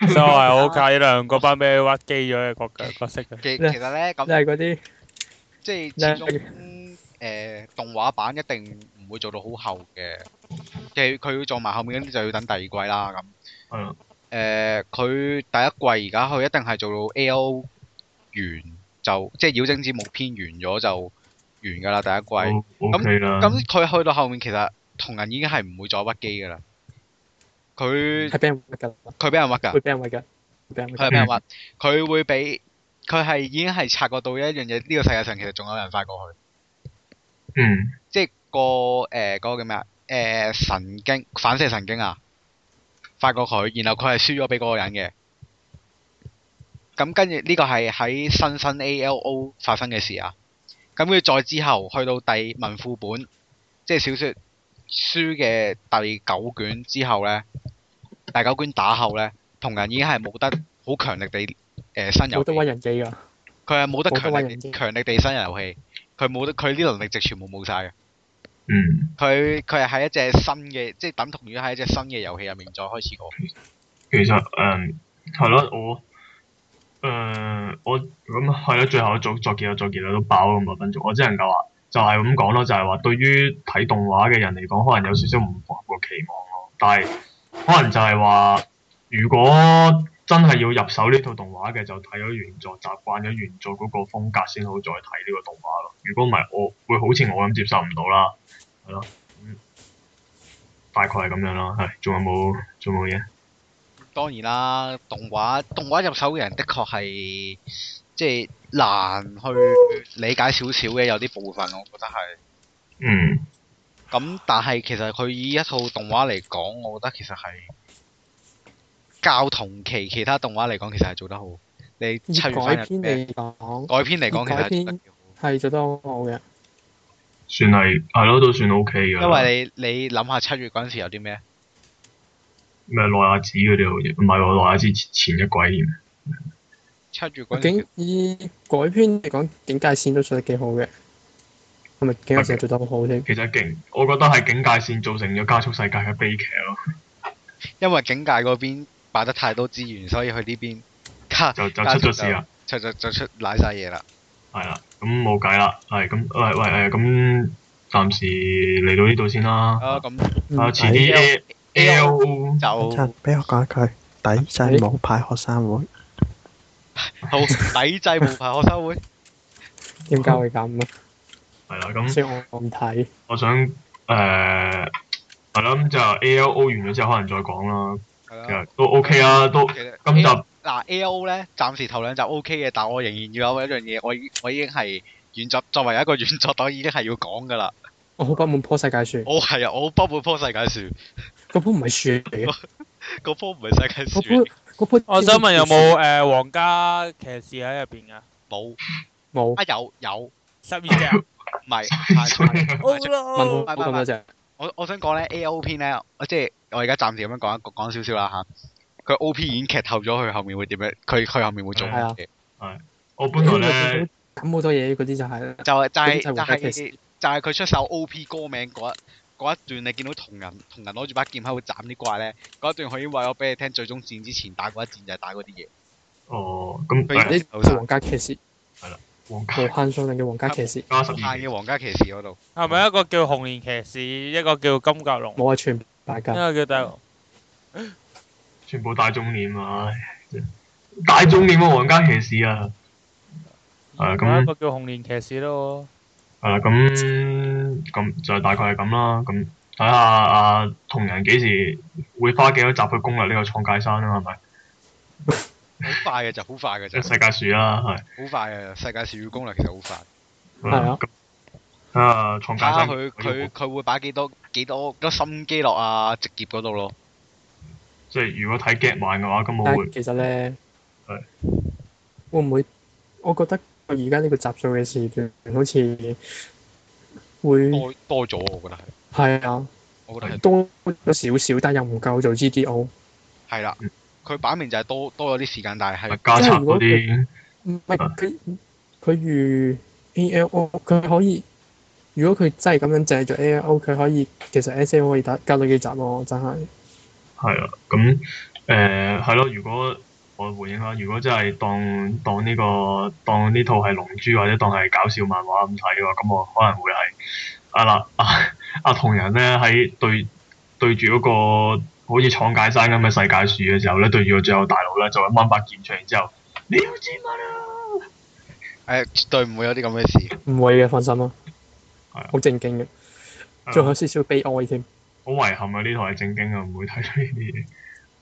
就係好睇啦，嗰班俾屈機咗嘅角角色。其 其實咧咁，呢那那即係嗰啲，即係始終誒動畫版一定唔會做到好後嘅。其佢做埋後面嗰啲就要等第二季啦。咁，誒、 呃，佢第一季而家佢一定係做到 L 完就，即係《妖精之目篇完咗就。完噶啦第一季，咁咁佢去到後面，其實同人已經係唔會再屈機噶啦。佢佢俾人屈噶，佢俾人屈噶，佢俾人屈，佢、嗯、會俾佢係已經係察覺到一樣嘢，呢、這個世界上其實仲有人快過去，嗯、即係、那個誒嗰、呃那個叫咩啊？誒、呃、神經反射神經啊，快過佢，然後佢係輸咗俾嗰個人嘅。咁跟住呢個係喺新新 ALO 發生嘅事啊！咁佢再之後，去到第文庫本，即係小説書嘅第九卷之後呢，第九卷打後呢，同人已經係冇得好強力地誒、呃、新遊戲，冇人機㗎。佢係冇得強力地強力地新遊戲，佢冇得佢呢能力值全部冇晒嘅。嗯。佢佢係喺一隻新嘅，即係等同於喺一隻新嘅遊戲入面再開始過。其實誒，係、嗯、囉我。誒、呃，我咁係咯，最後作結啊，作結啊都爆咁五十分鐘，我只能夠話就係咁講咯，就係、是、話、就是、對於睇動畫嘅人嚟講，可能有少少唔符合個期望咯，但係可能就係話如果真係要入手呢套動畫嘅，就睇咗原作，習慣咗原作嗰個風格先好再睇呢個動畫咯。如果唔係，我會好似我咁接受唔到啦，係咯、嗯，大概係咁樣咯，係、嗯，仲有冇仲有冇嘢？當然啦，動畫動畫入手嘅人的確係即係難去理解少少嘅，有啲部分我覺得係嗯咁，但係其實佢以一套動畫嚟講，我覺得其實係較同期其他動畫嚟講，其實係做得好。你七月嗰日嚟講，改編嚟講，改編其實係做得好，做得好好嘅，算係係咯，都算 OK 嘅。因為你你諗下七月嗰陣時有啲咩？咩奈亞子嗰啲唔係喎，奈亞子前，前一季嚟咩？七月嗰季。警以改編嚟講，《境界線》都做得幾好嘅，係咪《境界線》做得好好先？其實勁，我覺得係《境界線》造成咗加速世界嘅悲劇咯。因為境界嗰邊擺得太多資源，所以去呢邊就就出咗事啦，就就就出賴晒嘢啦。係啦，咁冇計啦，係咁，喂喂，係、呃、咁，暫時嚟到呢度先啦。咁、啊，啊遲啲。嗯欸 Halo, 就俾我講一句，抵制無牌學生會。 好，抵制無牌學生會。點解 會咁咧？係啦，咁。所我唔睇，呃。我想誒，係啦，就 A L O 完咗之後，可能再講啦。係啦了。都 O K 啦，都。其實 A, A, 都。今集嗱 A L，啊、O 咧，暫時頭兩集 O K 嘅，但我仍然要有一樣嘢，我已我已經係原作作為一個原作黨，已經係要講噶啦。我好不滿坡世界樹。我係啊，我好不滿坡世界樹。嗰本唔係書嚟咯，嗰本唔係世界書。我想問有冇誒皇家騎士喺入邊噶？冇，冇。啊有有，十二隻唔係，唔係。我我想講咧 A O P 咧，即係我而家暫時咁樣講一講少少啦吓。佢 O P 已經劇透咗，佢後面會點樣？佢佢後面會做乜嘢？係。我本來咧，諗好多嘢嗰啲就係就係就係就係就係佢出售 O P 歌名嗰一。嗰一段你見到同人，同人攞住把劍喺度斬啲怪咧，嗰一段可以話我俾你聽，最終戰之前打過一戰就係打嗰啲嘢。哦，咁譬如呢頭先皇家騎士，係啦，無限嘅皇家騎士，無限嘅皇家騎士嗰度，係咪一個叫紅蓮騎士，一個叫金甲龍？冇啊，全部大家，因為佢大，全部大眾面啊，大眾面嘅皇家騎士啊，啊咁，一個叫紅蓮騎士咯，啊咁。咁就大概係咁啦，咁睇下阿同仁幾時會花幾多集去攻略呢個創、啊、 界山啦、啊，係咪？好快嘅就，好快嘅就。世界樹啦，係。好快嘅世界樹嘅攻略，其實好快。係啊。睇下創界山。佢佢佢會擺幾多幾多，多心機落啊，直接嗰度咯。即係如果睇劇慢嘅話，咁我會。其實咧。係是。會唔會？我覺得而家呢個集數嘅事，段好似。會多多咗，我覺得係。係啊，我覺得係多咗少少，但又唔夠做 g D O、啊。係、嗯、啦，佢擺明就係多多咗啲時間，但係係加長嗰啲。唔係佢佢如 E L、啊、O，佢可以。如果佢真係咁樣借咗 E L O，佢可以其實 S A O 可以打加到幾集咯、啊，真係。係啊，咁誒係咯，如果。我回應啦，如果真係當當呢、這個當呢套係龍珠或者當係搞笑漫畫咁睇嘅話，咁我可能會係阿立阿阿同人咧喺對對住嗰個好似闖界山咁嘅世界樹嘅時候咧，對住個最後大佬咧就一掹百劍出，然之後，你好賤物啊！誒，絕對唔會有啲咁嘅事，唔會嘅，放心啦， 嗯、好正經嘅，仲有少少悲哀添，好遺、嗯、憾啊！呢套係正經啊，唔會睇到呢啲嘢，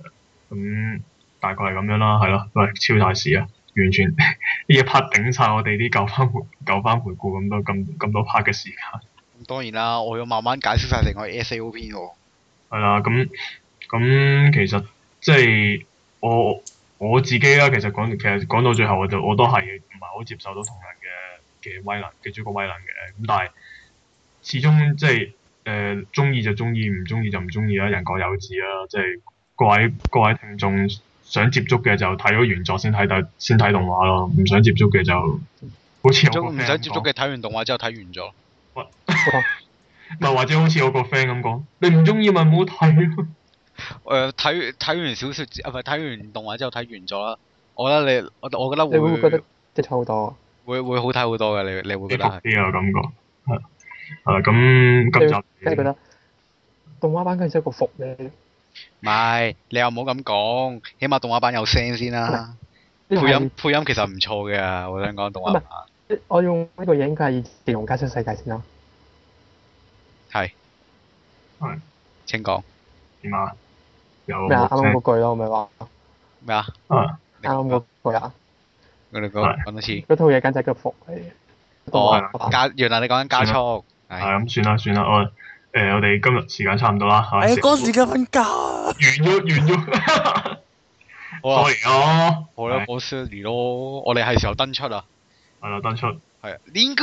咁、嗯。大概係咁樣啦，係咯，喂，超大事啊！完全呢 一 part 頂晒，我哋啲舊番回番回顧咁多咁咁多 part 嘅時間。當然啦，我要慢慢解釋晒成個 S A O P 喎。係啊，咁咁其實即係我我自己啦，其實講其實，其實，其實講到最後，我就我都係唔係好接受到同人嘅嘅威能嘅主角威能嘅，咁但係始終即係誒中意就中意，唔中意就唔中意啦，人各有志啦，即係各位各位聽眾，想接觸嘅就睇咗原作先睇，但先睇動畫咯。唔想接觸嘅就好，好似唔使接觸嘅睇完動畫之後睇完咗。咪或， 或者好似我個 friend 咁講，你唔中意咪唔好睇咯。誒睇睇完小説，唔係睇完動畫之後睇完咗啦。我覺得你我我覺得會，你會覺得即係好多，會會好睇好多嘅，你、嗯嗯嗯嗯、你會你覺得。復啲感覺，係係咁。今集你覺得動畫版跟住即係一個伏咧。唔係，你又唔好咁講，起碼動畫版有聲先啦。配音配音其實唔錯嘅，我想講動畫版。我用呢個嘢應該係加速世界先啦。係。係。請講點啊？有咩啱啱嗰句咯？我咪話咩啊？啱啱嗰句啊！我哋講講多次。嗰套嘢簡直係個伏嚟。加原來你講緊加速。係咁，算啦算啦，我。誒、呃，我哋今日時間差唔多啦，係啊，嗰陣時而家瞓覺，完咗、啊，完咗，sorry 咯，我 Sunny 咯，我哋係時候登出啊，係啦，登出，係、啊，連 g